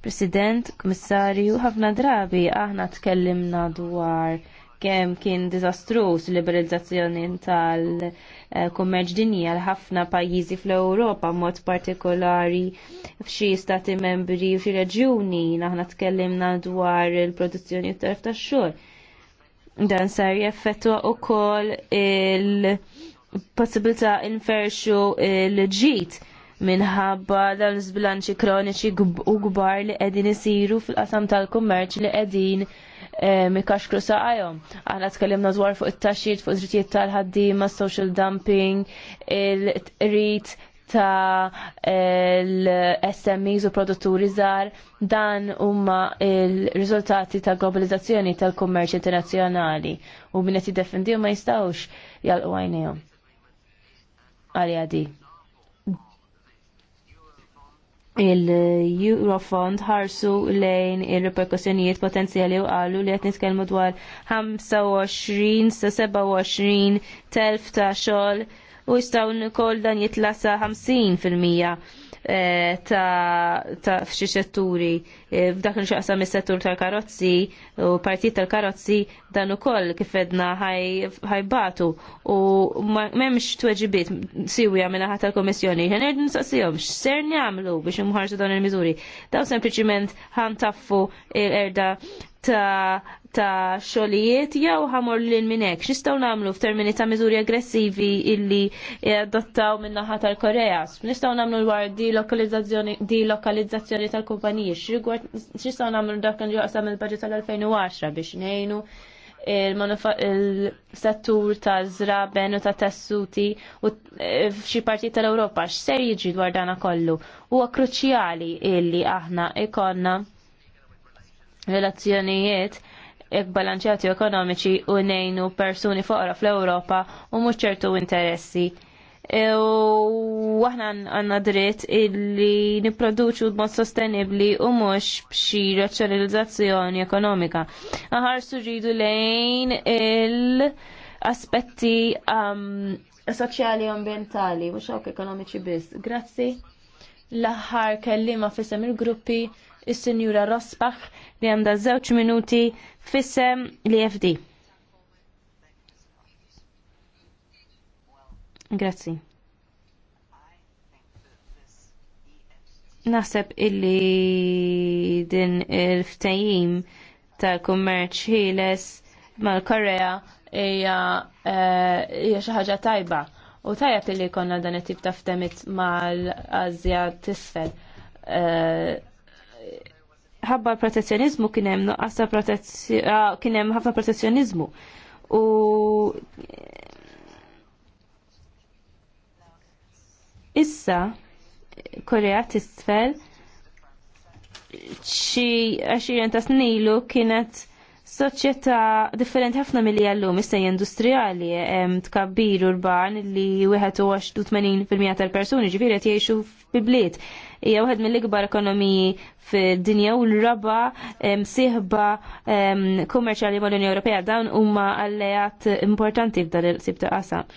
President, Komissarju, ħafna drabi aħna tkellimna dwar kemm kien diżastruż liberalizzazzjoni tal-kummerġ dinja għal ħafna pajjiżi fl-Ewropa mod partikolari f'xi stati membri u xi reġjuni naħna tkellimna dwar il-produzzjoni tarf tax-xogħol. Dan sar jeffettwa wkoll il-possibilità inferxu l-ġid minħabba dan l-sbilanċi kroniċi u gbar li qegħdin isiru fil-qasam tal-kummerċ li qegħdin eh, mikaxkru saqajhom. Aħna tkellimna dwar fuq it-taxxit, fuq id-drittijiet tal-ħaddiema, social dumping, il rit ta' l-SMEs u produtturi żgħar dan huma il-riżultati ta' globalizzazzjoni tal-kummerċ internazzjonali u min qed jiddefendihom ma jistgħux jalqu għajnejhom. Għalija di il-Eurofond ħarsu lejn il-reperkussjonijiet potenzjali u għallu li għet nitkellmu dwar 25 sa 27 telf ta' xol u jistaw kol dan jitlasa 50 fil-mija Eh, ta' f'xi setturi eh, f'dak li xaqsam is-settur tal-karozzi u partit tal-karozzi dan ukoll kif edna ħajbatu u m'hemmx tweġibiet siwi minn ħadd tal-Kommissjoni. Ħenerdu nistaqsihom x'ser nagħmlu biex imħarġu dawn il-miżuri. Daw sempliċiment ħantaffu l-erda ta' ta' xogħlijiet jew ħamor lil minn hekk. X'istgħu nagħmlu f'termini ta' miżuri aggressivi illi adottaw min-naħa tal-Korea. Nistgħu nagħmlu dwar dilokalizzazzjoni tal-kumpaniji. x'istgħu nagħmlu dak li jaqsam il-budget tal-2010 biex ngħinu il-settur ta' zraben u ta' tassuti u e, f'xi parti tal-Ewropa x'ser jiġri dwar dana kollu. Huwa kruċjali illi aħna ikonna relazzjonijiet bbalanċjati ekonomiċi u nejnu persuni foqra fl-Ewropa u mhux ċertu interessi. E, u aħna għandna dritt illi nipproduċu b'mod sostenibbli u mhux b'xi razzjonalizzazzjoni ekonomika. Aħarsu ġidu lejn il-aspetti soċjali u ambientali, mhux ekonomiċi biss. Grazzi. L-aħħar kellima fissem il-gruppi is-Sinjura Rosbach li għandha żewġ minuti fissem li FD. Grazzi. Naħseb illi din il-ftajim tal-kummerċ ħieles mal-Korea eh, hija xi ħaġa tajba. U tajab li konna dan it-tip ta' ftemit mal-Azja tisfel. Uh, ħabba protezzjonizmu kien hemm nuqqas ah, kien hemm ħafna protezzjonizmu. U issa Korea tisfel xi 20 ta' snilu kienet soċjetà differenti ħafna milli għallum issa industriali tkabbir urban li 81% tal-persuni ġifieri jiexu jgħixu f'bliet. Hija wħed mill-ikbar ekonomiji fid-dinja u l-raba sieħba kummerċjali mal-Unjoni Ewropea dawn huma alleat importanti f'dan il-sib ta' qasam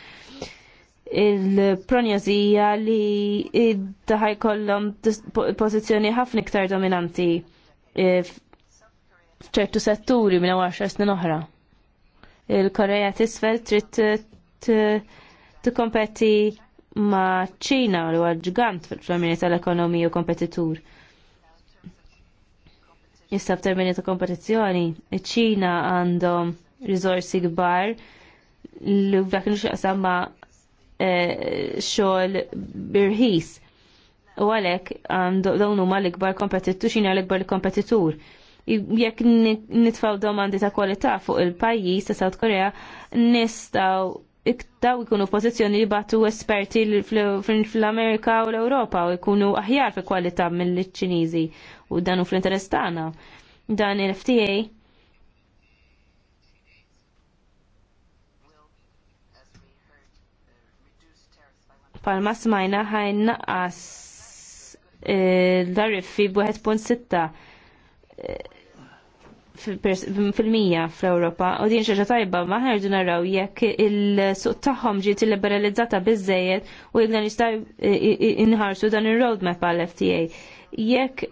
il-pronjazija li id-daħaj kollom pozizjoni ħafna iktar dominanti eh, ċertu setturi minn għaxar snin oħra. Il-Korea tisfel trid tikkompeti ma' ċina li huwa ġigant fil flamini tal-ekonomija u kompetitur. Issa f'termini ta' kompetizzjoni, iċ-Ċina għandhom riżorsi kbar li f'dak nixqasam ma' eh, xogħol birħis. U għalhekk dawn huma l-ikbar kompetitur, Ċina l-ikbar kompetitur jekk nitfaw domandi ta' kwalità fuq il-pajjiż ta' South Korea nistgħu iktaw ikunu pożizzjoni li batu esperti fl-Amerika u l-Ewropa u jkunu aħjar fi kwalità mill-Ċiniżi u danu fl-interess tagħna. Dan il-FTA palma smajna ħajn naqas eh, l-tariffi b-1.6 fil-mija fl-Europa u din xaġa tajba ma ħerġu naraw jekk il-suq tagħhom ġiet liberalizzata biżejjed u jekk dan jista' inħarsu dan ir-roadmap għal FTA. Jekk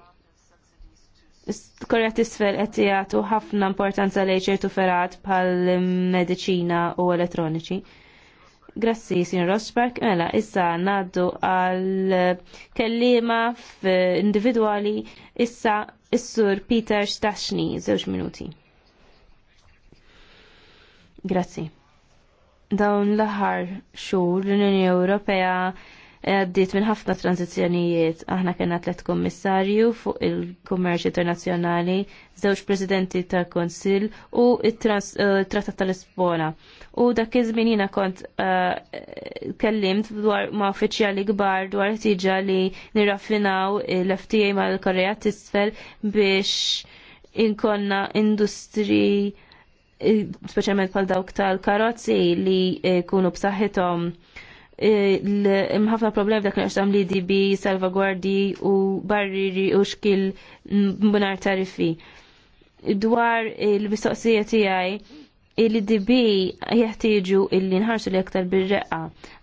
Korea tisfel qed jagħtu ħafna importanza lejn ċertu ferat bħal mediċina u elettroniċi. Grassi, Sin Rosberg, mela, issa naddu għal kellima individuali, issa issur Peter Stashni, zewġ minuti. Grazzi. Dawn l-aħħar xhur l-Unjoni Ewropea għaddit minn ħafna tranzizjonijiet. Aħna kena tlet kommissarju fuq il-kummerċ internazzjonali, żewġ presidenti tal-Konsil u il-Trattat eh, tal-Lisbona. U dak iż-żmien jiena kont eh, kellimt dwar ma' uffiċjali kbar dwar tiġa li nirraffinaw l-FTA mal-Korea tisfel biex inkonna industri eh, speċjalment pal dawk tal-karozzi li kunu b'saħħithom Eh, ħafna problemi dak li li DB, salvaguardi u barriri u xkil mbunar tarifi. Dwar il-mistoqsija tijaj, il-DB jeħtieġu li nħarsu li iktar bil-reqqa.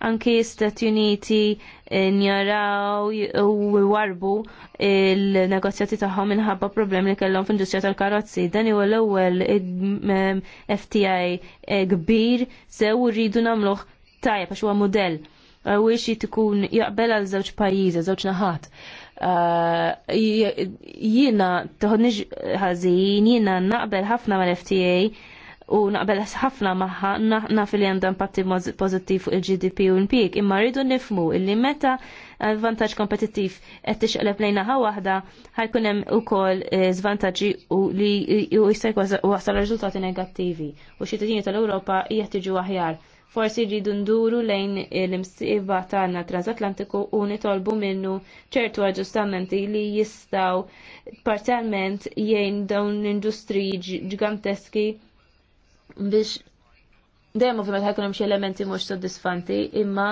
Anki Stati Uniti eh, njaraw u warbu il-negozjati tagħhom minħabba problemi li kellhom fl-industrija tal-karozzi. Dan huwa l-ewwel eh, FTI kbir sew rridu nagħmluh tajja, għax huwa mudell eh, u xi tkun jaqbel għal żewġ pajjiżi, żewġ naħat. Eh, jiena toħodniġ ħażin, jiena naqbel ħafna mal-FTA u naqbel ħafna maħħa naf li għandha impatti pożittiv fuq il-GDP u l-pik, imma rridu nifmu illi meta vantaġġ kompetittiv qed tixqleb lejna ħa waħda ħajkun hemm ukoll żvantaġġi eh, u li jista' wasal riżultati negattivi u xi tal-Ewropa jeħtieġu aħjar Forsi rridu nduru lejn l msiba tagħna transatlantiku u nitolbu minnu ċertu aġġustamenti li jistaw parzjalment jgħin dawn l-industriji ġiganteski biex dejjem ovvjament ħajkun hemm xi elementi mhux soddisfanti, imma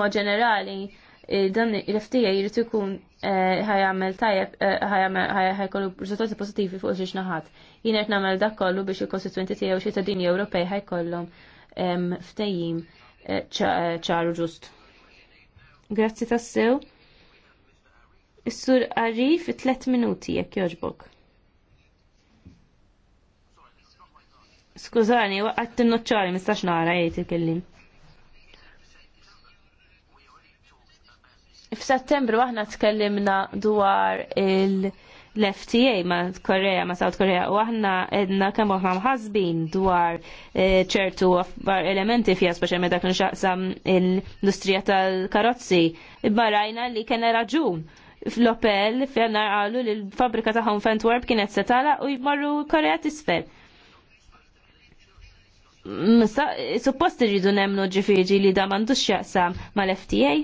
mod ġenerali eh, dan l-FTA jrid ikun eh, ħajamel tajjeb eh, ħajkollu riżultati pożittivi fuq xi naħat. Jien qed nagħmel dak kollu biex il kostituenti tiegħu xi tadini Ewropej ħajkollhom ftejjim eh, eh, ċaru ġust. Grazzi tassew. Is-sur Arif tlet minuti jekk joġbok. Skużani, waqgħet t mistax nara jgħid il-kellim. F'Settembru aħna tkellimna dwar il- l-FTA ma' Korea, ma' South Korea, u aħna edna kemm għahna mħazbin dwar eh, ċertu elementi fija, speċjalment dak nxaqsam l-industrija tal-karozzi. rajna li kena raġun fl-Opel fjana għalu li l-fabrika taħħom Fentwerp kienet setala u jmarru Korea tisfel. Supposti irridu nemnu ġifiri li da mandux xaqsam mal-FTA?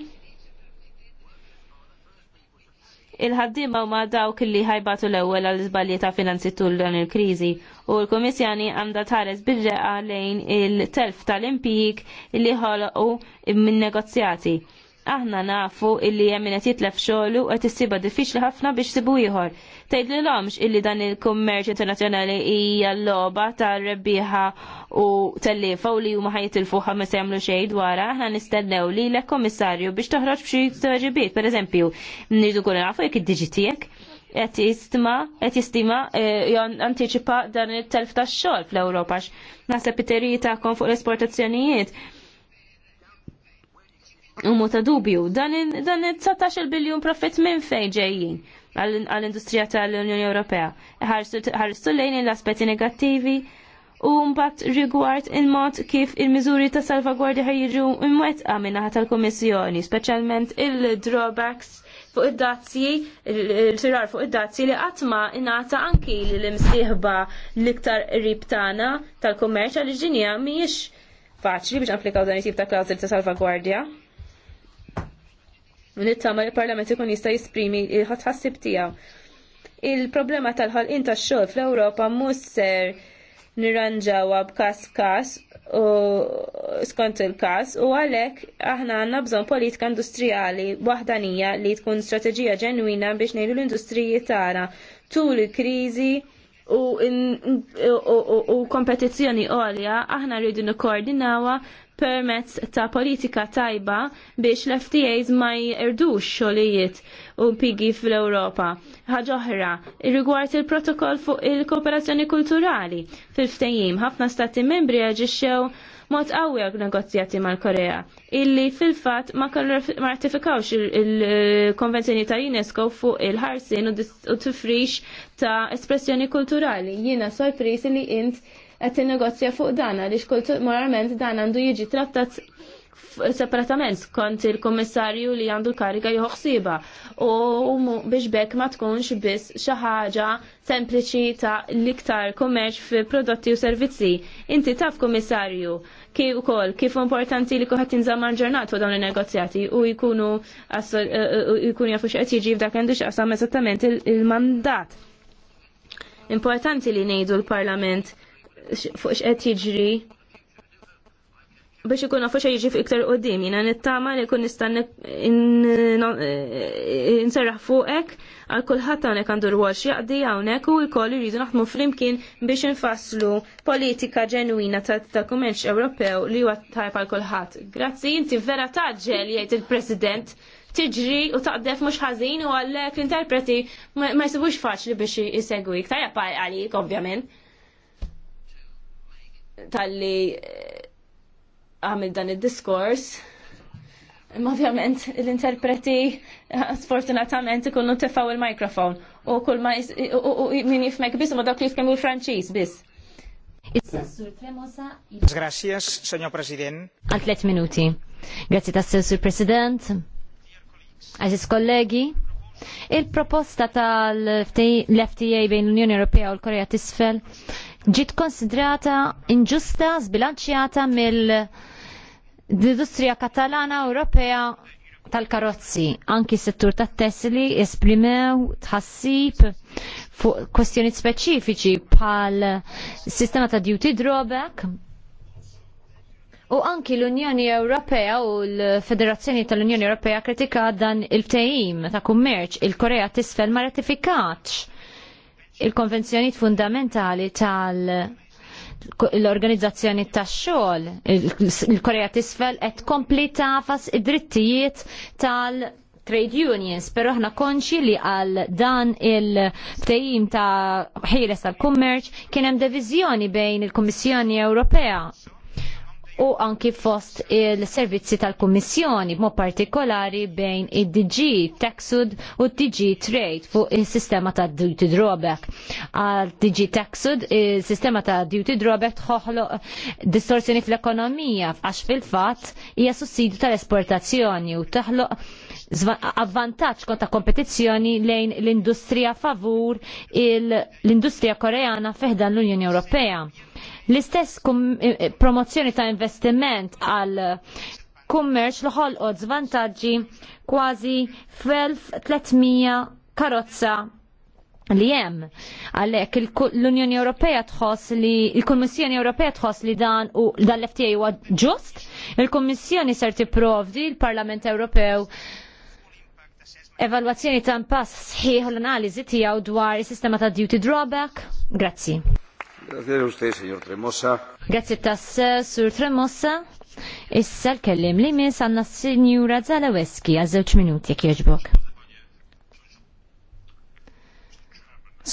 il-ħaddima ma dawk li ħajbatu l-ewwel għal iżbalji ta' finanzi tul dan il-kriżi u l komissjoni għandha tħares bil-reqa lejn il-telf tal-impijik li ħolqu minn negozjati. Aħna nafu illi jemmin qed jitlef u qed issiba diffiċli ħafna biex sibu ieħor tgħid l-omx illi dan il-kummerċ internazzjonali hija l-logħba tar-rebbieħa u tal-lifa u li huma il-fuħa ma jagħmlu xejn dwarha, aħna nistennew li l-Kommissarju biex toħroġ b'xi tweġibiet, pereżempju, nirdu kun nafu jekk id-diġi qed jistima, qed jistima e, anticipa dan it-telf tax-xogħol fl-Ewropa. Naħseb it-terji tagħkom fuq l-esportazzjonijiet Umu ta' dubju, dan il-19 biljon profit minn fejn ġejjin għall-industrija tal-Unjoni Ewropea. Ħarstu lejn l-aspetti negattivi u mbagħad rigward il-mod kif il-miżuri ta' salvagwardja ħajjiġu mwetqa minnaħa tal-Kummissjoni, speċjalment il-drawbacks fuq id-dazzi, il-sirar fuq id-dazzi li għatma inata anki li l-imsieħba l-iktar tagħna tal-kommerċ għal-ġinja miex faċli biex applikaw dan it-tip ta' klawzil ta' salvagwardja nittama li parlament ikun jista' jisprimi il-ħatħassib tiegħu. Il-problema tal-ħolqien tax-xogħol fl-Ewropa mhux ser nirranġawha b'każ każ u skont il-każ u għalhekk aħna għandna bżonn politika industrijali waħdanija li tkun strateġija ġenwina biex ngħidu l-industriji tagħna tul il-kriżi u, kompetizzjoni għolja aħna rridu nikkoordinawa permezz ta' politika tajba biex l-FTAs ma jirdux xogħlijiet u pigi fl-Ewropa. Ħaġa oħra, rigward il-protokoll fuq il-kooperazzjoni kulturali fil-ftehim, ħafna stati membri għagġiċew mod għawja negozjati mal-Korea illi fil-fatt ma ratifikawx il-konvenzjoni ta' UNESCO fuq il-ħarsin u tifrix ta' espressjoni kulturali. Jiena sorpris li int qed tinnegozja fuq dan għaliex morament dan għandu jiġi trattat separatament skont il-kommissarju li għandu l-kariga joħsiba u biex bekk ma tkunx biss xi ħaġa sempliċi ta' l-iktar kummerċ fi prodotti u servizzi. Inti taf kommissarju kif ukoll kif importanti li kulħadd inżammar ġurnat fuq dawn in-negozjati u jkunu eh, eh, eh, jkunu jafu x'qed jiġi f'dak għandu x'qasam eżattament il-mandat. Importanti li ngħidu l-Parlament fuq x'qed jiġri biex ikun nafu xejn jiġi iktar qudiem, jiena nittama li jkun nista' eh, inserraħ fuqek għal kulħadd hawnhekk għandu rwol x'jaqdi hawnhekk u jkollu jridu naħdmu flimkien biex infasslu politika ġenwina ta' kummerċ Ewropew li huwa tajb għal kulħadd. Grazzi, inti vera taġġel jgħid il-President tiġri u taqdef mhux ħażin u għalhekk l-interpreti ma jsibux faċli biex isegwik. Tajja għalik, ovvjament tal-li eh, għamil dan il-diskors. Imma ovvjament l-interpreti eh, sfortunatament ikunu tifaw il-mikrofon u kull ma min jifmek biss ma dak li jitkellmu l-Franċiż biss. Gracias, senjor President. Għal tliet minuti. Grazzi tas-Sur President. Aziz kollegi, il-proposta tal-FTA bejn l-Unjoni Ewropea u l-Korea t-isfel ġiet konsidrata inġusta, zbilanċjata mill-industrija katalana Ewropea tal-karozzi, anki settur tat tessili esprimew tħassib fuq kwestjoni speċifiċi pal sistema ta' duty drawback U anki l-Unjoni Ewropea u l-Federazzjoni tal-Unjoni Ewropea kritika dan il-ftehim ta' kummerċ il-Korea tisfel ma ratifikatx il konvenzjonijiet fundamentali tal- l-organizzazzjoni tax xogħol il-Korea tisfel qed tkompli tafas id-drittijiet tal- trade unions, pero ħna konċi li għal dan il-ftejim ta' ħires tal-kummerċ kien hemm diviżjoni bejn il-Kummissjoni Ewropea u anki fost il-servizzi tal-Kummissjoni mo partikolari bejn id-DG Taxud u d-DG Trade fuq il-sistema ta' duty drawback. Għal DG Taxud il-sistema ta' duty drawback tħoħlo distorsjoni fl-ekonomija għax fil-fatt hija sussidju tal-esportazzjoni u taħloq avvantaġġ konta kompetizzjoni lejn l-industrija favur l-industrija koreana feħdan l-Unjoni Ewropea. L-istess eh, eh, promozzjoni ta' investiment għal kummerċ li ħolqod zvantaġġi kważi f'1300 karozza li jem. Għalek, l-Unjoni Ewropea tħoss li, il-Kommissjoni Ewropea tħoss li dan u dan l-FTA huwa ġust, il-Kommissjoni ser tipprovdi l-Parlament Ewropew evalwazzjoni ta' impass sħiħ l-analiżi tiegħu dwar is-sistema ta' duty drawback. Grazzi. Grazie a usted, signor Tremosa. Grazie tas, sur Tremossa. Issa l-kellim li mis għanna s-signura Zalaweski għazzewċ minuti jek jieġbok.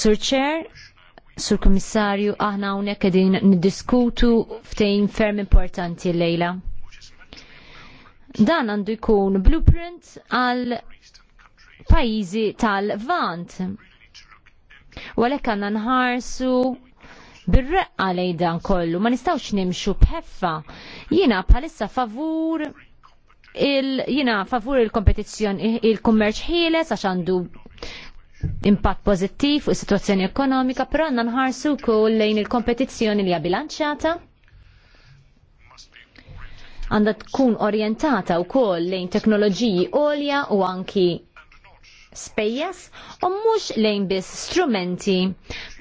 Sur Chair, Sur Komissarju, aħna unek għedin niddiskutu ftejn ferm importanti l-lejla. Dan għandu jkun blueprint għal pajizi tal-vant. Walek għanna nħarsu bir-reqqa lej dan kollu, ma nistgħux nimxu bħeffa. Jiena bħalissa favur il jina favur il-kompetizzjoni il-kummerċ ħieles għax għandu impatt pozittiv fuq is-sitwazzjoni ekonomika, però għandna nħarsu wkoll lejn il-kompetizzjoni li hija bilanċjata tkun tkun orjentata wkoll lejn teknoloġiji għolja u anki spejjes u mhux lejn biss strumenti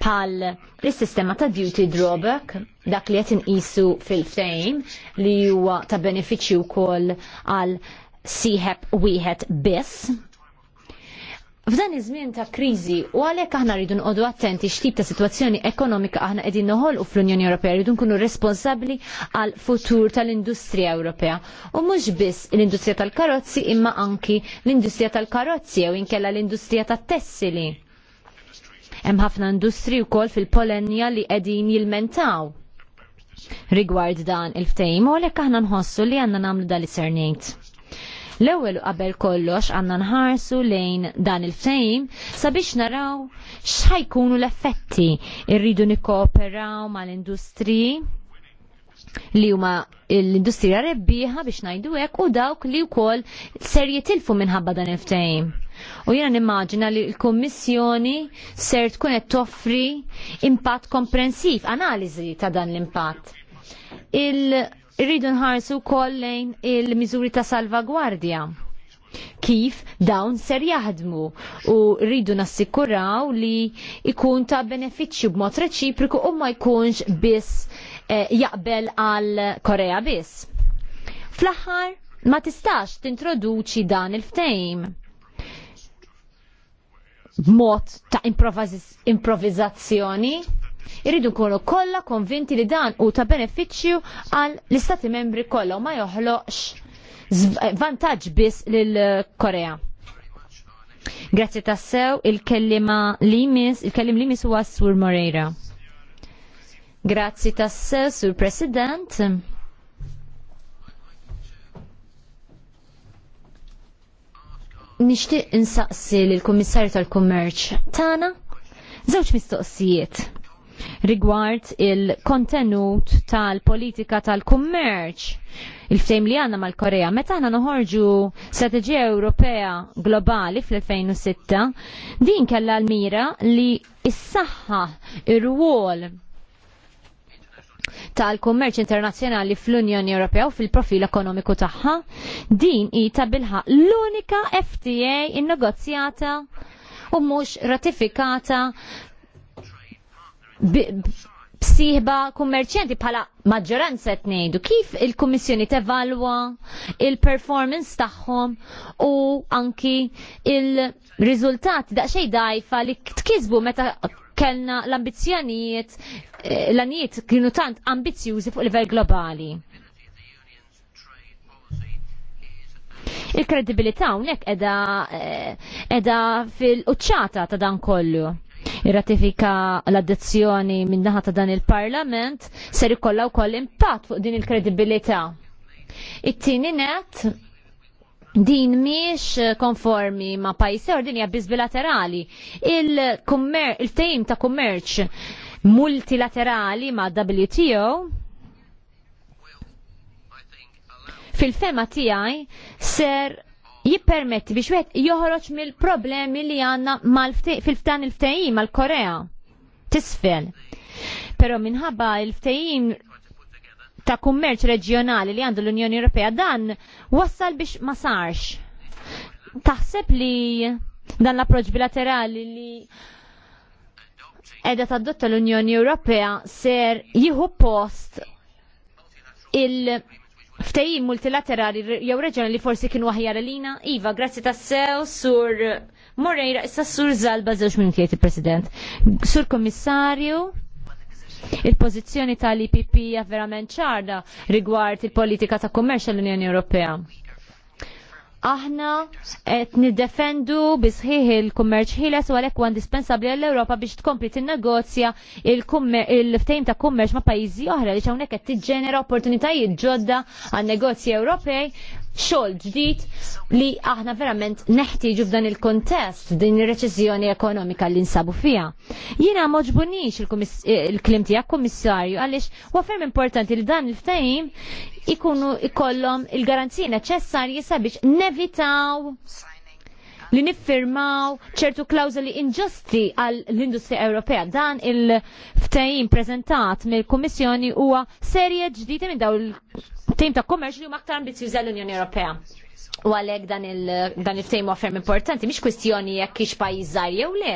bħal is-sistema ta' duty drawback dak li qed inqisu fil-fejn li huwa ta' benefiċċju wkoll għal siħeb wieħed biss F'dan iż-żmien ta' kriżi u għalhekk aħna rridu nqogħdu attenti x'tip ta' sitwazzjoni ekonomika aħna qegħdin noħolqu fl-Unjoni Ewropea rridu nkunu responsabbli għal futur tal-industrija Ewropea. U mhux biss l-industrija tal-karozzi imma anki l-industrija tal-karozzi jew inkella l-industrija tat-tessili. Hemm ħafna industri wkoll fil-Polenja li qegħdin jilmentaw rigward dan il-ftejm u għalhekk aħna nħossu li għandna nagħmlu dal-isernejt L-ewwel qabel kollox għandna nħarsu lejn dan il fejm sabiex naraw x'ħajkunu l-effetti. Irridu nikkooperaw mal-industriji li huma l-industrija rebbieħa biex ngħidu hekk u dawk li wkoll ser jitilfu minħabba dan il-ftehim. U jiena nimmaġina li l-Kummissjoni ser tkun qed toffri impatt komprensiv, analiżi ta' dan l-impatt irridu nħarsu koll lejn il-miżuri ta' salvagwardja kif dawn ser jaħdmu u rridu nassikuraw li ikun ta' benefiċċju b'mod reċipriku u ma jkunx biss eh, jaqbel għal Korea biss. Fl-aħħar ma tistax tintroduċi dan il-ftejm b'mod ta' improvizzazzjoni Irridu nkunu kollha konvinti li dan u ta' beneficju għal l-istati membri kollha u ma joħloqx vantaġġ biss lil Korea. Grazzi tassew il-kellima limis, il-kellim limis huwa Sur Moreira. Grazzi tassew, Sur President. Nixtieq insaqsi lill kummissarju tal-Kummerċ tagħna żewġ mistoqsijiet rigward il-kontenut tal-politika tal-kummerċ il-ftejm li għanna mal-Korea. Meta għanna noħorġu strategija Ewropea globali fl-2006, din kella l-mira li s-saħħa ir-ruol tal-kummerċ internazzjonali fl-Unjoni Ewropea u fil-profil ekonomiku tagħha, din i tabilħa l-unika FTA innegozjata u mhux ratifikata b'sieħba kummerċjenti bħala maġġoranza qed ngħidu kif il-Kummissjoni tevalwa il-performance tagħhom u anki il-riżultati daqsxejn dajfa li tkisbu meta kellna l-ambizzjonijiet eh, l-anijiet kienu tant ambizzjużi fuq livell globali. Il-kredibilità hawnhekk edha edha eh, fil-quċċata ta' dan kollu jirratifika l-addizzjoni min-naħa ta' dan il-Parlament ser ikollaw wkoll impatt fuq din il-kredibilità. It-tieni net din miex konformi ma' pajjiżi ordini għabbis bilaterali. Il-tejm ta' kummerċ multilaterali ma' WTO fil-fema tijaj ser jippermetti biex wieħed joħroġ mill-problemi li għandna fil-ftan il-ftehim mal-Korea tisfel. Però minħabba il-ftehim ta' kummerċ reġjonali li għandu l-Unjoni Ewropea dan wassal biex ma sarx. Taħseb li dan l-approċ bilaterali li edha tadotta l-Unjoni Ewropea ser jieħu post il- ftejjin multilaterali jew li forsi kienu aħjar lina. Iva, grazzi tassew sur Moreira, issa sur Zalba żewġ minn il-President. Sur Kommissarju, il-pożizzjoni tal-IPP hija verament ċarda rigward il-politika ta' kummerċ tal-Unjoni Ewropea aħna qed niddefendu bisħiħ il-kummerċ ħieles u għalhekk indispensabbli għall-Ewropa biex tkompli tinnegozja il-ftehim ta' kummerċ ma' pajjiżi oħra li hawnhekk qed tiġġenera opportunitajiet ġodda għan negozji Ewropej xogħol ġdid li aħna verament neħtieġu f'dan il-kontest din ir-reċessjoni ekonomika li nsabu fiha. Jiena moġbunix eh, il-klim tiegħek kummissarju għaliex huwa ferm importanti li dan il-ftehim ikunu ikollhom il-garanziji neċessarji sabiex nevitaw li niffirmaw ċertu klawżoli inġusti għal l-industrija Ewropea. Dan il-ftehim preżentat mill-Kummissjoni huwa serje ġdida minn daw il tim ta' kummerċ li huma aktar ambizjużi l-Unjoni Ewropea. U għalhekk dan il-ftejm il ferm importanti, mhix kwistjoni jekk kiex pajjiż jew le.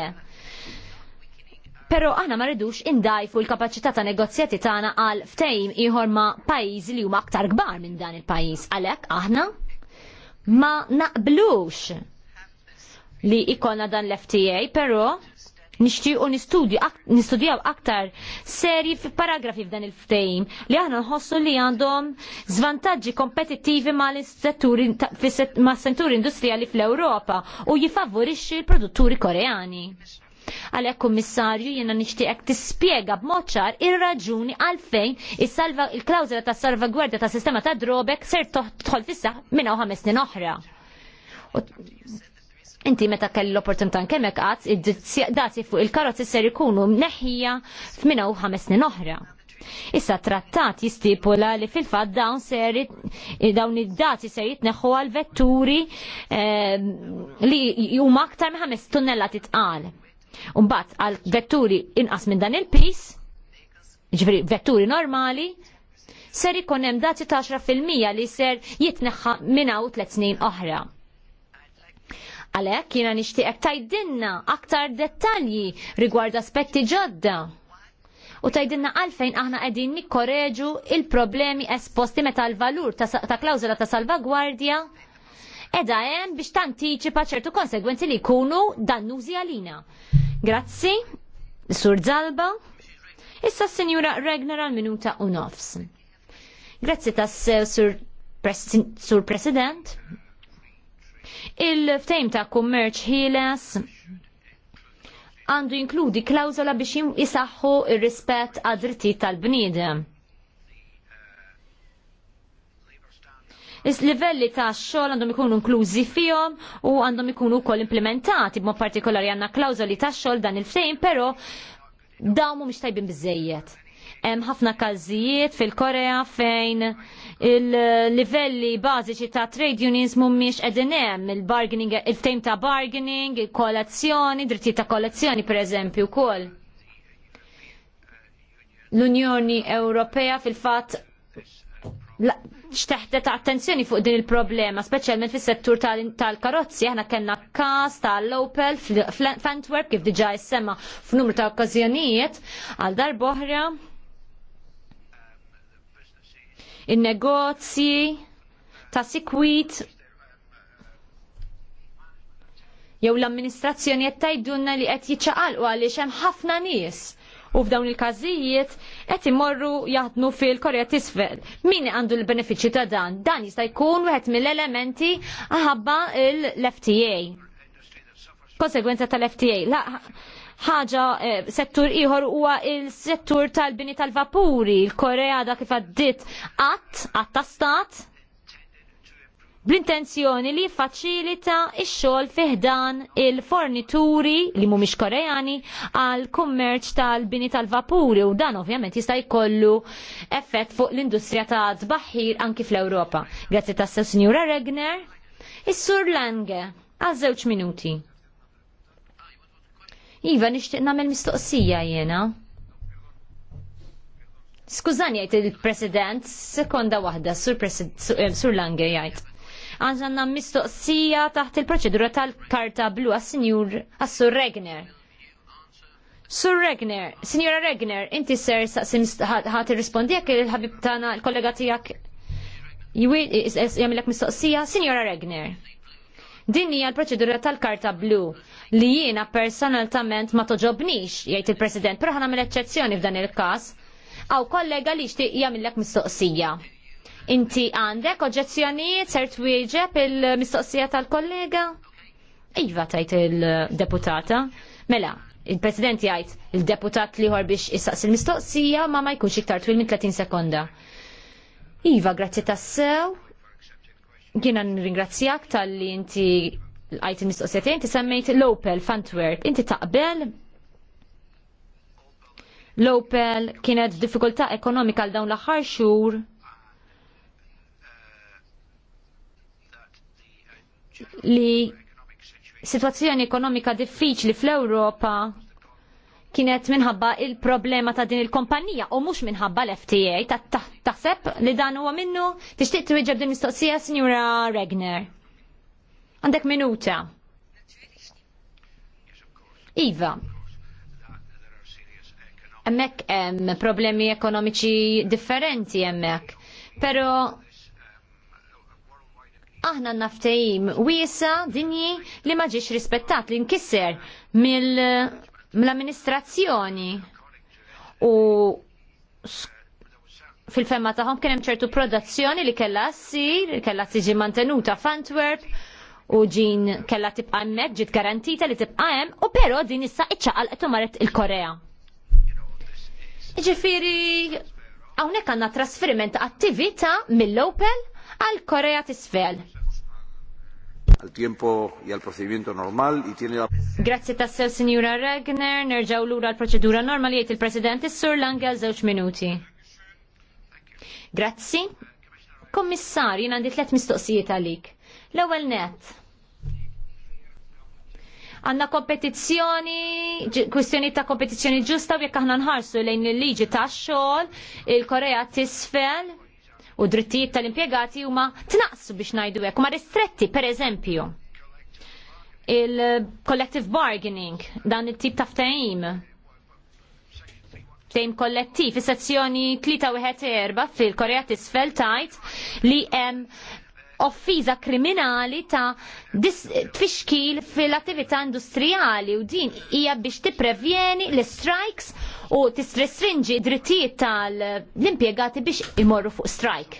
Pero aħna ma rridux indajfu l-kapacità ta' negozjati tagħna għal ftejm ieħor ma' pajjiżi li huma aktar kbar minn dan il-pajjiż. Għalhekk aħna ma naqblux li ikolna dan l-FTA, però nixtiequ nistudju nistudjaw aktar serji paragrafi f'dan il-ftejm li aħna nħossu li għandhom zvantaġġi kompetittivi mal-setturi mas-setturi industrijali fl-Ewropa u jifavorixxi l-produtturi koreani. Għalhekk kummissarju jiena nixtieqek tispjega b'mod ċar ir-raġuni għalfejn il klawzela ta' salvagwardja ta' sistema ta' drobek ser toħol fissa minn hawn ħames snin oħra Inti meta kell l-opportunità kemmek qatt id-dati fuq il-karozzi ser ikunu neħija f'mina u ħames snin oħra. Issa trattat jistipula li fil-fat dawn ser dawn id-dati ser jitneħħu għal vetturi ehm, li huma aktar minn ħames tunnellati tqal. Umbat għal vetturi inqas minn dan il-pis, ġveri vetturi normali, ser ikun hemm dati ta' 10% li ser jitneħħa minn hawn tliet snin oħra. Għalhekk jiena nixtieqek tajdinna aktar dettalji rigward aspetti ġodda u tajdinna għalfejn aħna qegħdin nikkoreġu il-problemi esposti meta l-valur ta' klawzula ta' salvagwardja edha hemm biex tantiċipa ċertu konsegwenzi li jkunu dannużi għalina. Grazzi, Sur Zalba, issa s-Sinjura Regner għal minuta u nofs. Grazzi tas Sur President. Il-ftejm ta' kummerċ ħieles għandu jinkludi klawzola biex jisaxħu il rispett għad drittijiet tal-bniedem. Is-livelli ta' xogħol għandhom ikunu inklużi fihom u għandhom ikunu wkoll implementati b'mod partikolari għandna klawżoli ta' xogħol dan il-ftejn, però dawn mhumiex tajbin biżejjed. Hemm ħafna każijiet fil-Korea fejn il-livelli bażiċi ta' trade unions mhumiex qegħdin hemm il-bargaining il-tejm ta' bargaining, il-kolazzjoni, drittijiet ta' kolazzjoni pereżempju wkoll. L-Unjoni Ewropea fil-fatt xteħtet attenzjoni fuq din il-problema, speċjalment fis settur tal-karozzi, aħna kellna kas tal-Opel f'Antwerp kif diġà jissema f'numru ta' okkażjonijiet għal darboħra. oħra in-negozji ta' sikwit jew l-amministrazzjoni qed tgħidulna li qed jiċċaqalqu għaliex hemm ħafna nies u f'dawn il-każijiet qed imorru jaħdmu fil-Korea t'isfel. Min għandu l-benefiċċju ta' dan? Dan jista' jkun wieħed mill-elementi ħabba l-FTA. Konsegwenza tal-FTA ħaġa eh, settur ieħor huwa il-settur tal-bini tal-vapuri, il-Korea da kif għaddit qatt qatt stat bl-intenzjoni li faċilita il xogħol fiħdan il-fornituri li mhumiex Koreani għal kummerċ tal-bini tal-vapuri u dan ovvjament jista' jkollu effett fuq l-industrija ta' tbaħħir anki fl-Ewropa. Grazzi tas-sew Sinjura Regner, is-Sur Lange għal żewġ minuti. Iva, nixtieq nagħmel mistoqsija jiena. Skużani jgħid il-President, sekonda waħda, sur, eh, Lange jgħid. Għanġanna mistoqsija taħt il-proċedura tal-karta blu għas-Sinjur għas-Sur Regner. Sur Regner, Signora Regner, inti ser saqsim ħati rispondi għak il-ħabib tagħna il kollega tiegħek jgħamilak mistoqsija, Signora Regner. Din hija l-proċedura tal-karta blu li jiena personalment ma toġobnix, jgħid il-President, però ħana mill-eċċezzjoni f'dan il-każ. Aw kollega li xtieq jagħmilek mistoqsija. Inti għandek oġġezzjonijiet ser twieġeb il-mistoqsija tal-kollega? Iva tajt il-deputata. Mela, il-President jgħid il-deputat ħor biex issaqs il-mistoqsija ma ma jkunx iktar twil minn 30 sekonda. Iva, grazzi tassew. Jiena nirringrazzjak tal-li inti għajt mistoqsijat inti semmejt l-Opel Fantwer. Inti taqbel l-Opel kienet diffikultà ekonomika għal dawn l-aħħar xhur li situazzjoni ekonomika diffiċli fl-Ewropa kienet minħabba il-problema ta' din il-kompanija u mhux minħabba l-FTA ta' taħseb li dan huwa minnu tixtieq twieġeb din mistoqsija Sinjura Regner. Għandek minuta. Iva, emmek hemm problemi ekonomiċi differenti emmek. Pero aħna naftejim wiesa dinji li maġiġ rispettat li nkisser mill mill-amministrazzjoni u fil-femma taħom kienem ċertu produzzjoni li kella s-sir, kella tiġi mantenuta f'Antwerp u ġin kella tibqa emmek, ġit garantita li tibqa emm, u pero din issa iċċaqal qed maret il-Korea. Ġifiri, għawnek għanna trasferiment attivita mill-Opel għal-Korea tisfel. Grazzi tassew, Signora Regner, nerġaw lura l-proċedura normali jgħid il-President Sur Langa żewġ minuti. Grazzi. Kommissar, jien għandi tliet mistoqsijiet għalik. L-ewwel net. Għanna kompetizzjoni, kwistjoni ta' kompetizzjoni ġusta u jekk aħna nħarsu lejn il-liġi tax xogħol, il-Korea tisfel, u drittijiet tal-impjegati huma tnaqsu biex ngħidu hekk huma ristretti pereżempju. Il-collective bargaining dan it-tip ta' ftehim tejm kollettiv is-sezzjoni 3 fil-Korea t'isfel tajt li hemm offiża kriminali ta' tfixkil fil-attività industrijali u din hija biex tipprevjeni l-strikes u tistrestringi drittijiet tal-impjegati biex imorru fuq strajk.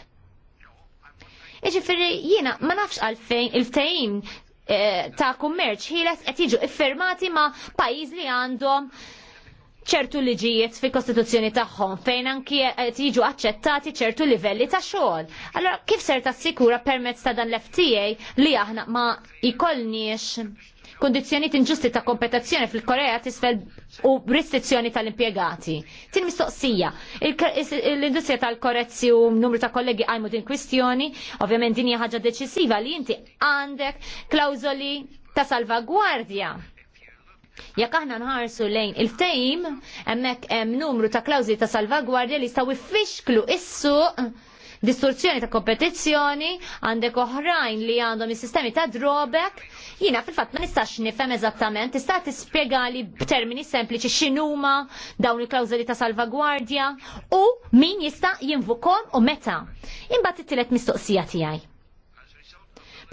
Iġifiri jiena ma nafx għalfejn il fejn eh, ta' kummerċ ħieles qed jiġu iffermati ma' pajjiż li għandhom ċertu liġijiet fil kostituzzjoni tagħhom fejn anki qed jiġu aċċettati ċertu livelli ta' xogħol. Allora kif ser tassikura permezz ta' dan l-FTA li aħna ma jkollniex kondizjoni inġusti ta' kompetazzjoni fil-Korea tisfel u restrizzjoni tal-impiegati. Tin mistoqsija, l-industrija tal-korezzi u numru ta' kollegi għajmu din kwistjoni, ovvjament din hija ħaġa deċisiva li inti għandek klawżoli ta' salvagwardja. Jekk aħna nħarsu lejn il fejm hemmhekk hemm numru ta' klawżi ta' salvagwardja li staw iffixklu is-suq distorsjoni ta' kompetizzjoni, għandek oħrajn li għandhom is-sistemi ta' drawback, jina fil-fatt ma nistax nifhem eżattament, tista' tispjegali b'termini sempliċi x'inhuma dawn il-klawżoli ta' salvagwardja u min jista' jinvukom u meta. Imbagħad it-tielet mistoqsija tiegħi.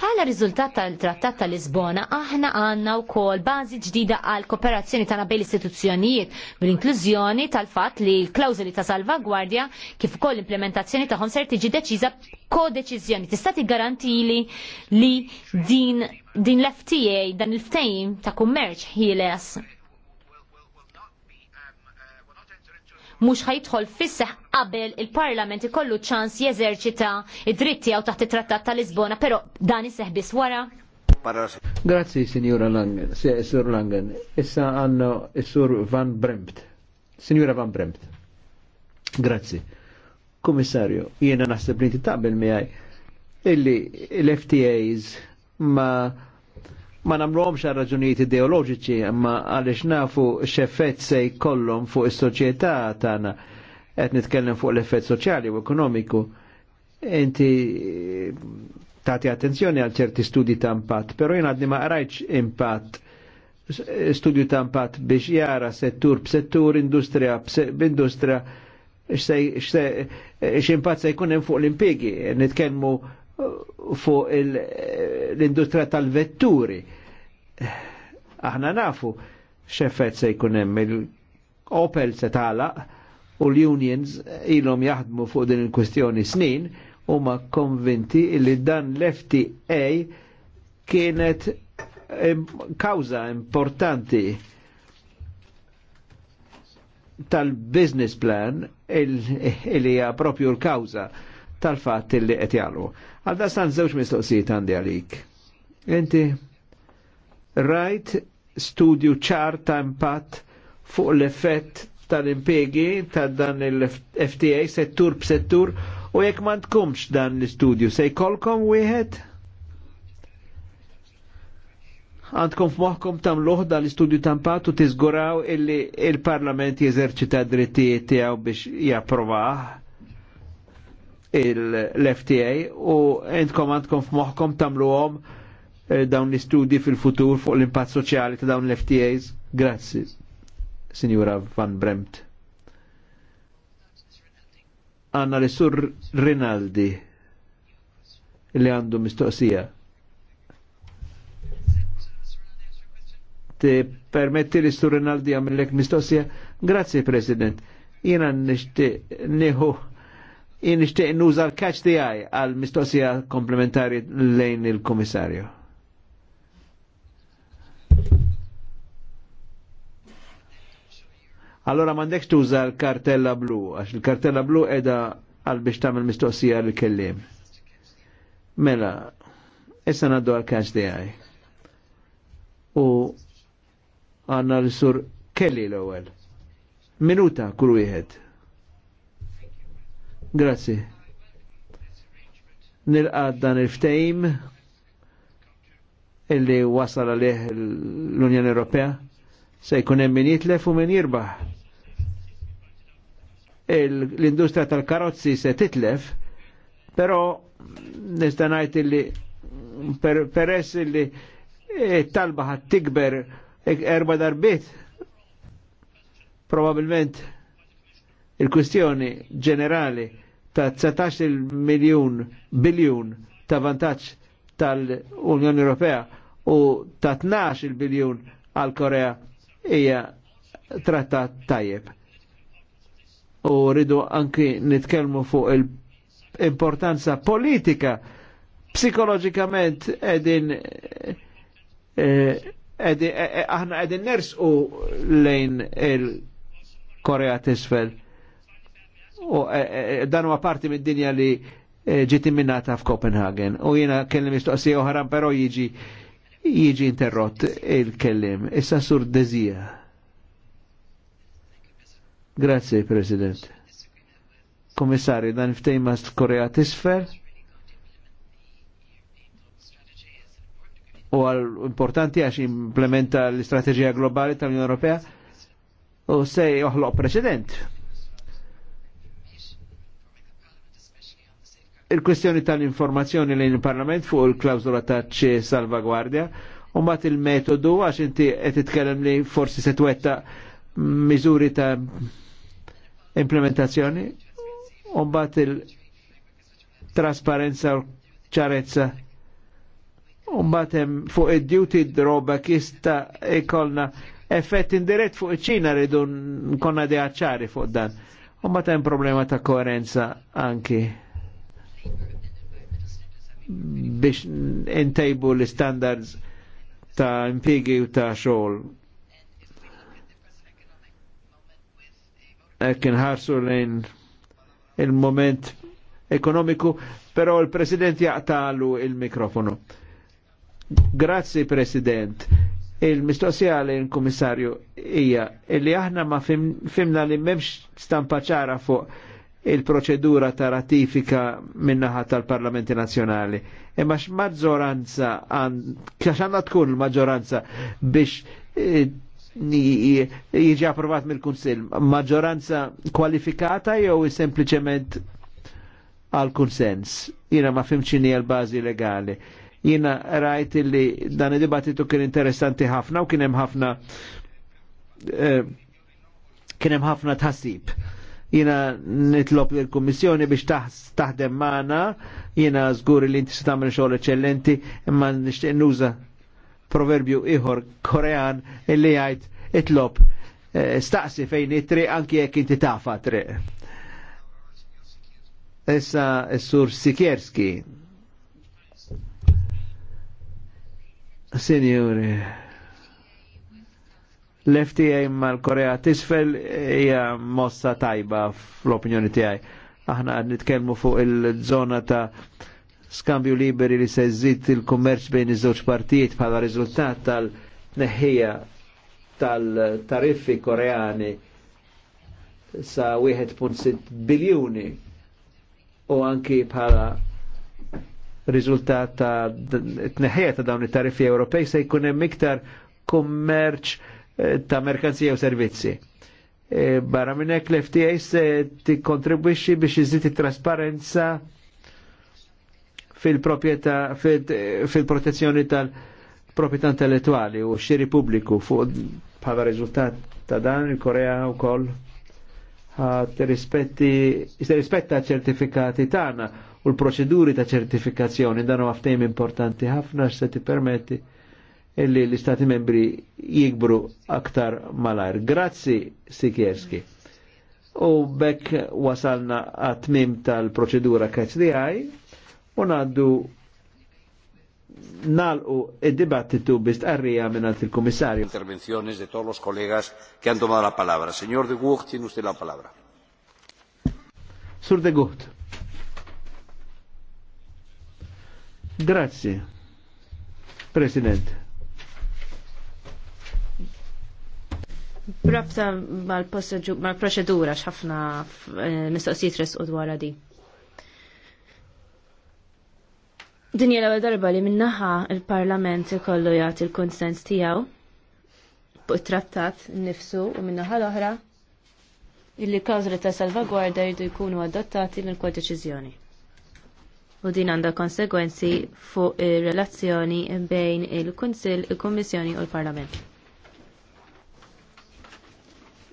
Bħala riżultat tal-Trattat ta' Lisbona, aħna għandna wkoll bażi ġdida għal kooperazzjoni tagħna bejn l-istituzzjonijiet bil-inklużjoni tal-fatt li l klawzuli ta' salvagwardja kif ukoll l-implementazzjoni tagħhom ser tiġi deċiża kodeċiżjoni. Tista' garantili li din din l-FTA dan il-ftehim ta' kummerċ ħieles mhux ħajtħol fisseħ qabel il-Parlament ikollu ċans jeżerċita id-dritti għaw taħt it-Trattat ta' Lisbona, però dan iseħ biss wara. Grazzi, Signora Langen, Sur Langen. Issa għanna Sur Van Bremt. Signora Van Bremt. Grazzi. Komissarju, jiena naħseb li taqbel miegħi illi l-FTAs ma' ma namromx għal raġunijiet ideoloġiċi, ma għalix nafu xeffett se jkollhom fuq is-soċjetà tana qed nitkellem fuq l-effett soċjali u ekonomiku. Inti tagħti attenzjoni għal ċerti studi ta' impatt, però jien għadni ma għarajċ impatt studju ta' impatt biex jara settur b'settur, industrija b'industrija x'impatt se jkun hemm fuq l-impjegi. Nitkellmu fuq l-industrija tal-vetturi. Aħna nafu x'effet se jkun hemm il-Opel se tala u l-unions ilhom jaħdmu fuq din il-kwestjoni snin huma konvinti li dan l-FTA kienet kawza importanti tal-business plan il-li propju l-kawza tal-fat li qed jagħmlu. Għalda stan zewċ mistoqsijiet għandi għalik. Inti, rajt studju ċar ta' impatt fuq l-effett tal-impiegi ta' dan il-FTA settur b'settur u jekk ma tkumx dan l-istudju se jkolkom wieħed? Għandkom f'moħkom tam dan l-istudju ta' impatt u tiżguraw illi il-Parlament jeżerċita drittijiet tiegħu biex japprovah l-FTA u entkom għandkom f'moħkom tamluhom eh, dawn l-istudji fil-futur fuq l-impatt soċjali ta' dawn l-FTAs. Grazzi, Signora Van Bremt. Għanna l sur Rinaldi li għandu mistoqsija. Ti permetti li sur Rinaldi għamillek mistoqsija? Grazzi, President. Jena nishti neħu jien nixtieq nuża l-kaċ tiegħi għal mistoqsija komplementari lejn il-Kummissarju. Allora m'għandekx tuża l-kartella blu, għax il-kartella blu edha għal biex tagħmel mistoqsija l kellim Mela, issa naddu għal kaċ tiegħi. U għanna l-sur kelli l-ewwel. Minuta kull wieħed. Grazzi. Nilqad dan il-ftejm illi wasal għalih l-Unjoni Ewropea se jkun hemm min jitlef u min jirbaħ. L-industrija tal-karozzi se titlef, però nista' ngħid illi peress per illi talba ħat tikber erba darbiet, probabilment il-kwistjoni ġenerali ta' 19 miljun biljun ta' vantaġġ tal-Unjoni Ewropea u ta' 12 biljun għal Korea hija trattat tajjeb. U rridu anki nitkellmu fuq il-importanza politika psikologikament edin eh, eh, eh, aħna edin nersu lejn il-Korea tisfel u eh, eh, dan huwa parti mid-dinja li eh, ġiet imminata f'Copenhagen u jiena kellim mistoqsi oħra però jiġi jiġi interrott il-kellim. Issa sur Dezija. Grazie, President. Komissari, dan ftejma Korea tisfer? U għal importanti għax implementa l-istrateġija globali tal-Unjoni Ewropea u sej oħloq preċedent il-kwestjoni tal-informazzjoni lejn il-Parlament fuq il-klawzula ta' ċe salvaguardja, u mbagħad il-metodu għax inti qed titkellem li forsi se twetta miżuri ta' implementazzjoni, u mbagħad il-trasparenza u ċarezza. U mbagħad hemm fuq id-duty droba kista ikolna effett indirett fuq iċ-Ċina rridu nkonna deħaċċari fuq dan. U mbagħad hemm problema ta' koerenza anki biex intejbu l-standards ta' impiegi u ta' xogħol. Hekk inħarsu lejn il-moment ekonomiku, però il-President jaqtalu il-mikrofonu. Grazzi President. Il-mistoqsija l komissarju hija illi aħna ma fimna li memx stampa ċara fuq il-proċedura ta' ratifika minnaħa tal-Parlamenti Nazjonali. Imma x-maġġoranza, għax għanna tkun l-maġġoranza biex e, e, jieġi approvat mill-Kunsil, maġġoranza kwalifikata jew sempliciment għal-kunsens. Jina ma fimċini għal-bazi legali. Jina rajt li dan id-dibattitu kien interessanti ħafna u kien hemm ħafna eh, kien hemm ħafna tħassib Jina nitlop il kommissjoni biex taħdem maħna, jina zgur li inti s-tamil xoħl eċellenti, imma nishtiq nuża proverbju iħor korean illi jgħid itlop eh, staqsi fejn itri anki jekk inti tafa tri. Issa s-sur Sikierski. Signore l-FTA mal-Korea tisfel hija mossa tajba fl-opinjoni tiegħi. Aħna għad nitkellmu fuq il zona ta' skambju liberi li se jżid il-kummerċ bejn iż-żewġ partijiet bħala riżultat tal-neħħija tal-tariffi koreani sa 1.6 biljuni u anki bħala riżultat ta' tneħħija ta' dawn it-tariffi Ewropej se jkun hemm iktar kummerċ Eh, ta' merkanzija u servizzi. E, barra minnek l-FTA ti kontribuixi biex jizziti trasparenza fil-propieta, fil-protezzjoni tal-propieta intellettuali u xiri pubbliku fuq bħala riżultat ta' dan il-Korea u koll rispetta ċertifikati tagħna u l-proċeduri ta' ċertifikazzjoni dan u ftehim importanti ħafna se ti permetti illi l-Istati membri jikbru aktar malar. Grazzi, Sikierski. U bekk wasalna għatmim tal-proċedura KHDI u naddu nalqu id-dibattitu bistqarrija minnant il-Komissarju. Intervenzjoni de todos los colegas que la palabra. Señor de Gucht, tiene la palabra. Sur de Gucht. Grazie, Presidente. Brabta mal-proċedura x'ħafna eh, mistoqsijiet resqu dwar di. Dinja l-ewwel darba li minnaħa il-Parlament ikollu jagħti il-konsens tiegħu fuq it-trattat nifsu u minnaħa l-oħra illi klawżoli ta' salvagwarda jridu jkunu adottati mill kodeċiżjoni U din għandha konsegwenzi fuq ir-relazzjoni bejn il-Kunsill, il-Kummissjoni u l-Parlament.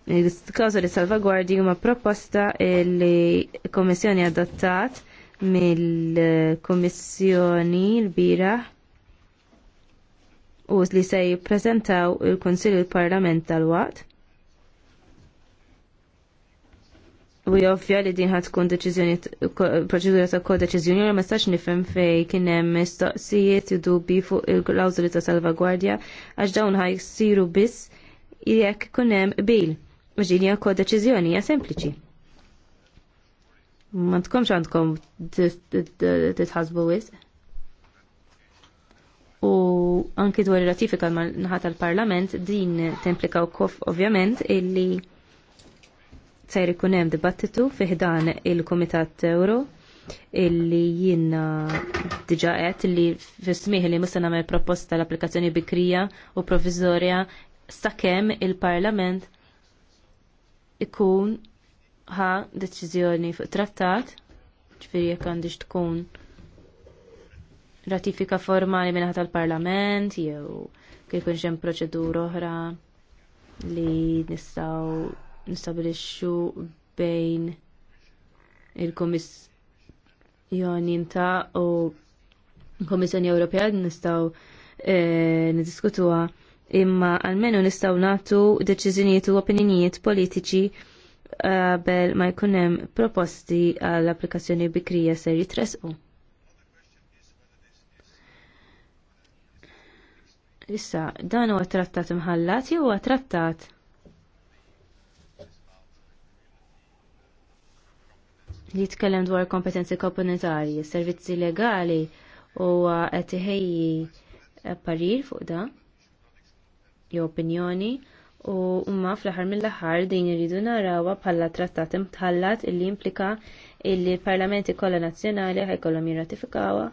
Il-kawza li salvaguardi huma proposta li kommissjoni adottat mill-Kommissjoni l-bira u li se jippreżentaw il-Konsil il-Parlament tal-waqt. U jovvja li din ħat tkun deċiżjoni proċedura ta' kodeċiżjoni ma stax nifhem fej kien hemm mistoqsijiet dubi fuq il-klawżoli ta' salvagwardja għax dawn ħajsiru biss jekk kun hemm bil. Maġini għan deċizjoni, għan sempliċi. Ma tkomx għandkom titħasbu wis. U anki dwar ratifika naħat tal-parlament, din templika u kof ovvjament illi sejr ikun hemm dibattitu fiħdan il-Kumitat Euro illi jina diġa qed li fismih li mista nagħmel proposta l-applikazzjoni bikrija u provizorja sakemm il-Parlament ikun ħa deċiżjoni fuq trattat, ġifieri jekk għandix tkun ratifika formali minn tal-Parlament jew kikun ikunx hemm proċedura oħra li nistgħu nistabilixxu bejn il-Komissjoni nta u l-Komissjoni Ewropea nistgħu e, eh, niddiskutuha imma għalmenu nistaw natu deċiżjonijiet u opinjonijiet politiċi qabel uh, ma jkun hemm proposti għall applikazzjoni bikrija ser jitresqu. Issa, dan huwa trattat imħallat jew huwa trattat li jitkellem dwar kompetenzi komunitarji, servizzi legali u qed parir fuq dan jew opinjoni u huma fl-aħħar mill-aħħar din iridu narawha bħala trattat imtħallat illi implika illi l-parlamenti kollha nazzjonali ħajkollhom jirratifikawha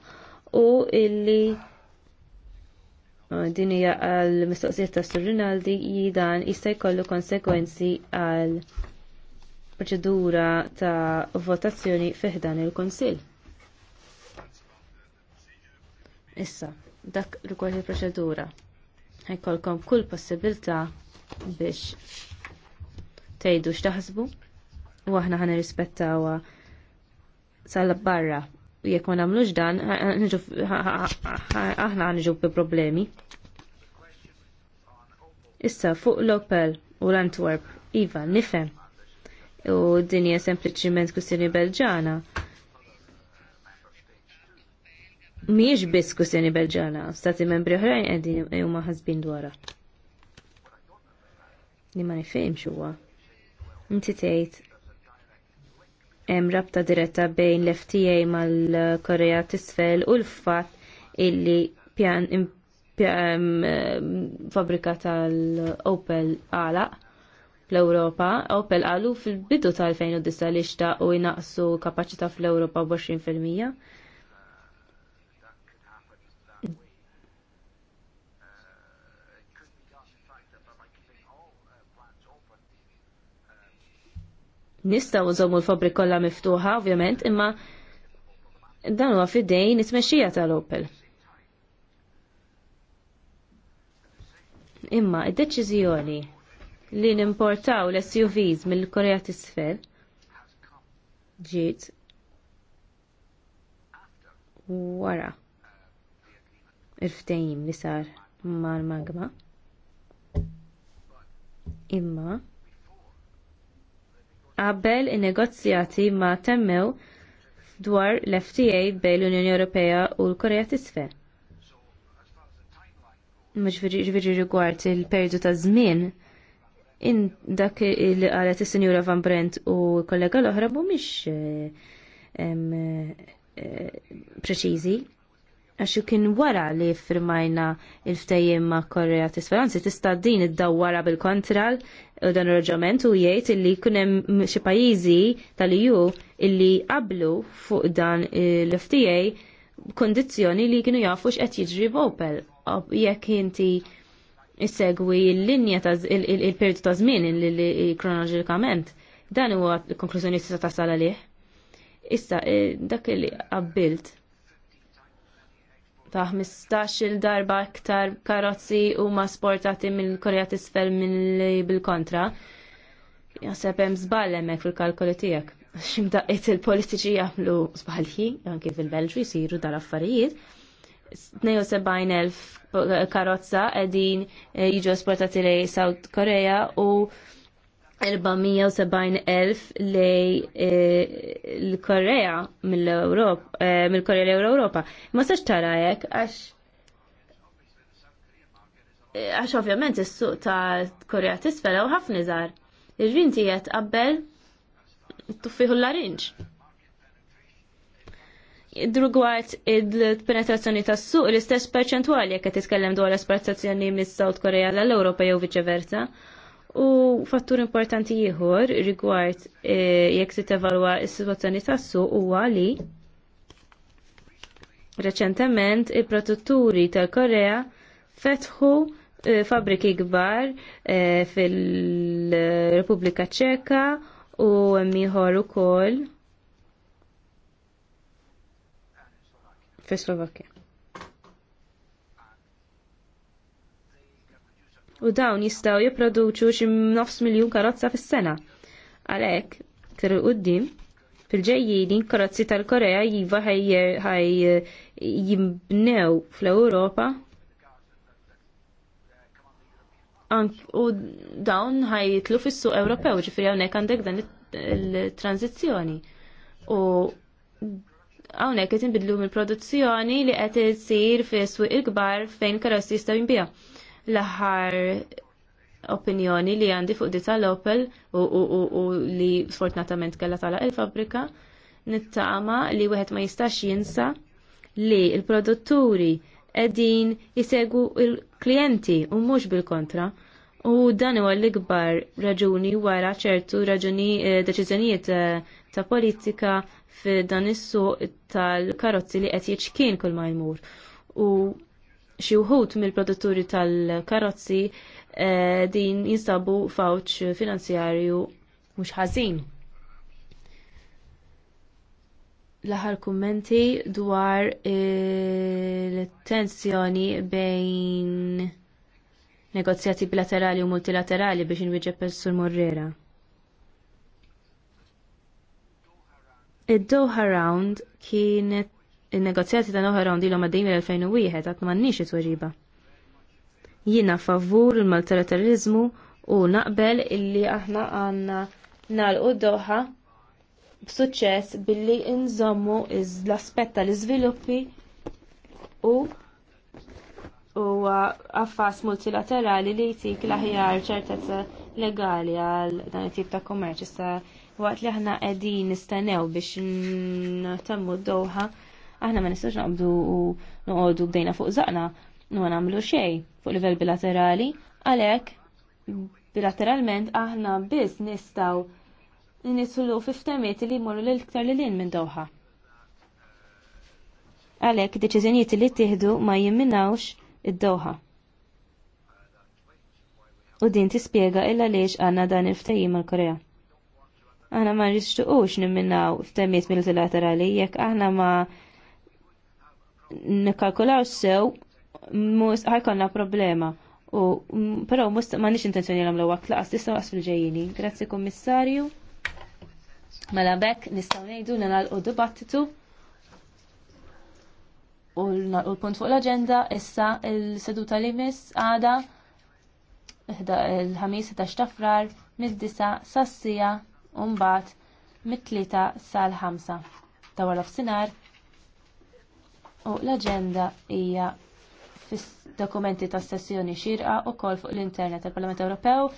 u illi eh, din hija għal mistoqsijiet ta' Sur Rinaldi jidan jista' jkollu konsekwenzi għal proċedura ta' votazzjoni fiħdan il-Konsil. Issa, dak rikordi il-proċedura ħajkolkom kull possibilità biex tejdu x'taħsbu u aħna ħan irrispettawha sal-barra jekk ma nagħmlux dan aħna ħanġu bi problemi. Issa fuq l-Opel u l-Antwerp, Iva, nifhem. U dinja sempliċiment kustini belġana miex biss kustjoni belġana, stati membri oħrajn għeddi huma ħasbin dwarha. Li ma nifhem xuwa. Inti tgħid hemm rabta diretta bejn l-FTA mal-Korea t'isfel u l-fatt illi pjan fabrika tal-Opel għala fl-Europa. Opel għalu fil-bidu tal 2019 u jnaqsu kapacita fl-Europa b-20%. nistaw użomu l-fabri kollha miftuħa, ovvjament, imma dan huwa fidejn it-tmexxija tal-Opel. Imma id-deċiżjoni li nimportaw l-SUVs mill-Korea t-isfel ġiet wara il-ftejim li sar mal-magma. Imma qabel in-negozjati ma temmew dwar l-FTA bejn l-Unjoni Ewropea u l-Korea t'isfel. Mġviri rigward il perjdu ta' żmien, in dak li qalet is-Sinjura Van Brent u kollega l-oħra mhumiex eh, eh, preċiżi għax kien wara li firmajna il-ftajjem ma' Korea t tista' din id-dawwara bil kontral u dan il-raġament u jgħid illi kunem xi pajjiżi tal-EU illi qablu fuq dan l-FTA kondizzjoni li kienu jafu x'qed jiġri opel Jekk inti issegwi l-linja ta' il-periodu ta' żmien kronoloġikament, dan huwa l-konklużjoni tista' tasal għalih. Issa, eh, dak li qabbilt ta' 15-il darba aktar karozzi huma sportati mill-Korea tisfel mill bil-kontra. Jaseb hemm żball hemmhekk fil-kalkoli tiegħek. X'imdaqqiet il-politiċi jagħmlu sbaħalħi, anke fil-Belġu jsiru dal-affarijiet. 72,000 karozza qegħdin jiġu esportati lejn South Korea u 470.000 lej eh, l-Korea mill-Europa, eh, mill-Korea l-Europa. Ma sax tara jek, għax eh, għax ovvjament is-suq ta' Korea tisfel u ħafna iżgħar. Iġvin tiegħek qabel tuffiħu l-larinġ. Drugwart il-penetrazzjoni tas suq l-istess perċentwali jekk qed jitkellem dwar l esportazzjoni mis-South Korea l-Ewropa jew viċeversa. versa U fattur importanti ieħor rigward eh, jekk se tevalwa s-sitwazzjoni tas-suq huwa li reċentement il-produtturi tal-Korea fetħu eh, fabriki kbar eh, fil-Repubblika Ċeka u miħor ukoll fis-Slovakkja. u dawn jistgħu jiproduċu xi nofs miljun karozza fis-sena. Għalhekk, kter il-qudiem, fil-ġejjini karozzi tal-Korea jiva ħaj jimbnew fl-Ewropa u dawn ħajtlu fis-suq Ewropew, ġifieri hawnhekk għandek dan il-tranzizzjoni. U hawnhekk qed inbidlu mill-produzzjoni li qed isir fis-swieq il-kbar fejn karozzi jistgħu jinbija l-aħħar opinjoni li għandi fuq di tal-Opel u li sfortunatament kalla tala il-fabrika nittama li wieħed ma jistax jinsa li il-produtturi edin jisegu il-klienti u mhux bil-kontra. U dan huwa l-ikbar raġuni wara ċertu raġuni eh, deċiżjonijiet eh, ta' politika f'dan is-suq tal-karozzi li qed jiċkien kull ma jmur. U xi wħud mill-produtturi tal-karozzi eh, din jinsabu fawċ finanzjarju mhux ħażin. L-aħħar kummenti dwar il-tensjoni eh, bejn negozjati bilaterali u multilaterali biex inwieġeb sur Morrera. Id-Doha Round kienet il-negozjati ta' noħra għandilom għaddejn l-2001 għatna mannix it-tweġiba. Jina favur il-malteratorizmu u naqbel illi aħna għanna nalqu doħa b'suċċess billi nżommu l-aspett tal-iżviluppi u u għaffas multilaterali li jtik laħjar ċertezza legali għal dan it-tip ta' kummerċ. Issa waqt li aħna qegħdin nistennew biex ntemmu d-doħa Aħna ma nistax naqbdu u noqogħdu bdejna fuq zaqna u ma nagħmlu xejn fuq livell bilaterali għalhekk bilateralment aħna biss nistgħu nisullu fiftemiet li jmorru l iktar li lin minn Doha. Għalhekk deċiżjonijiet li ttieħdu ma jimminawx id-Doha. U din tispjega illa għaliex għandna dan il-ftehim mal-Korea. Aħna ma nixtuqux nimminaw ftehmiet mill-laterali jekk aħna ma nikkalkulaw sew ħajkonna problema. U però mus ma nix intenzjoni l-għamlu għak laqas tista' għas fil-ġejjini. Grazzi kommissarju. Mela bekk nistgħu ngħidu li nagħlqu dibattitu u nagħlqu l-punt fuq l-aġenda issa il-seduta li miss għada il-ħamis ta' xtafrar mid-disa sassija u mbagħad mit-tlieta sal-ħamsa. Ta' l sinar U l-agenda hija fis dokumenti ta' sessjoni xirqa u kol fuq l-internet tal-Parlament Ewropew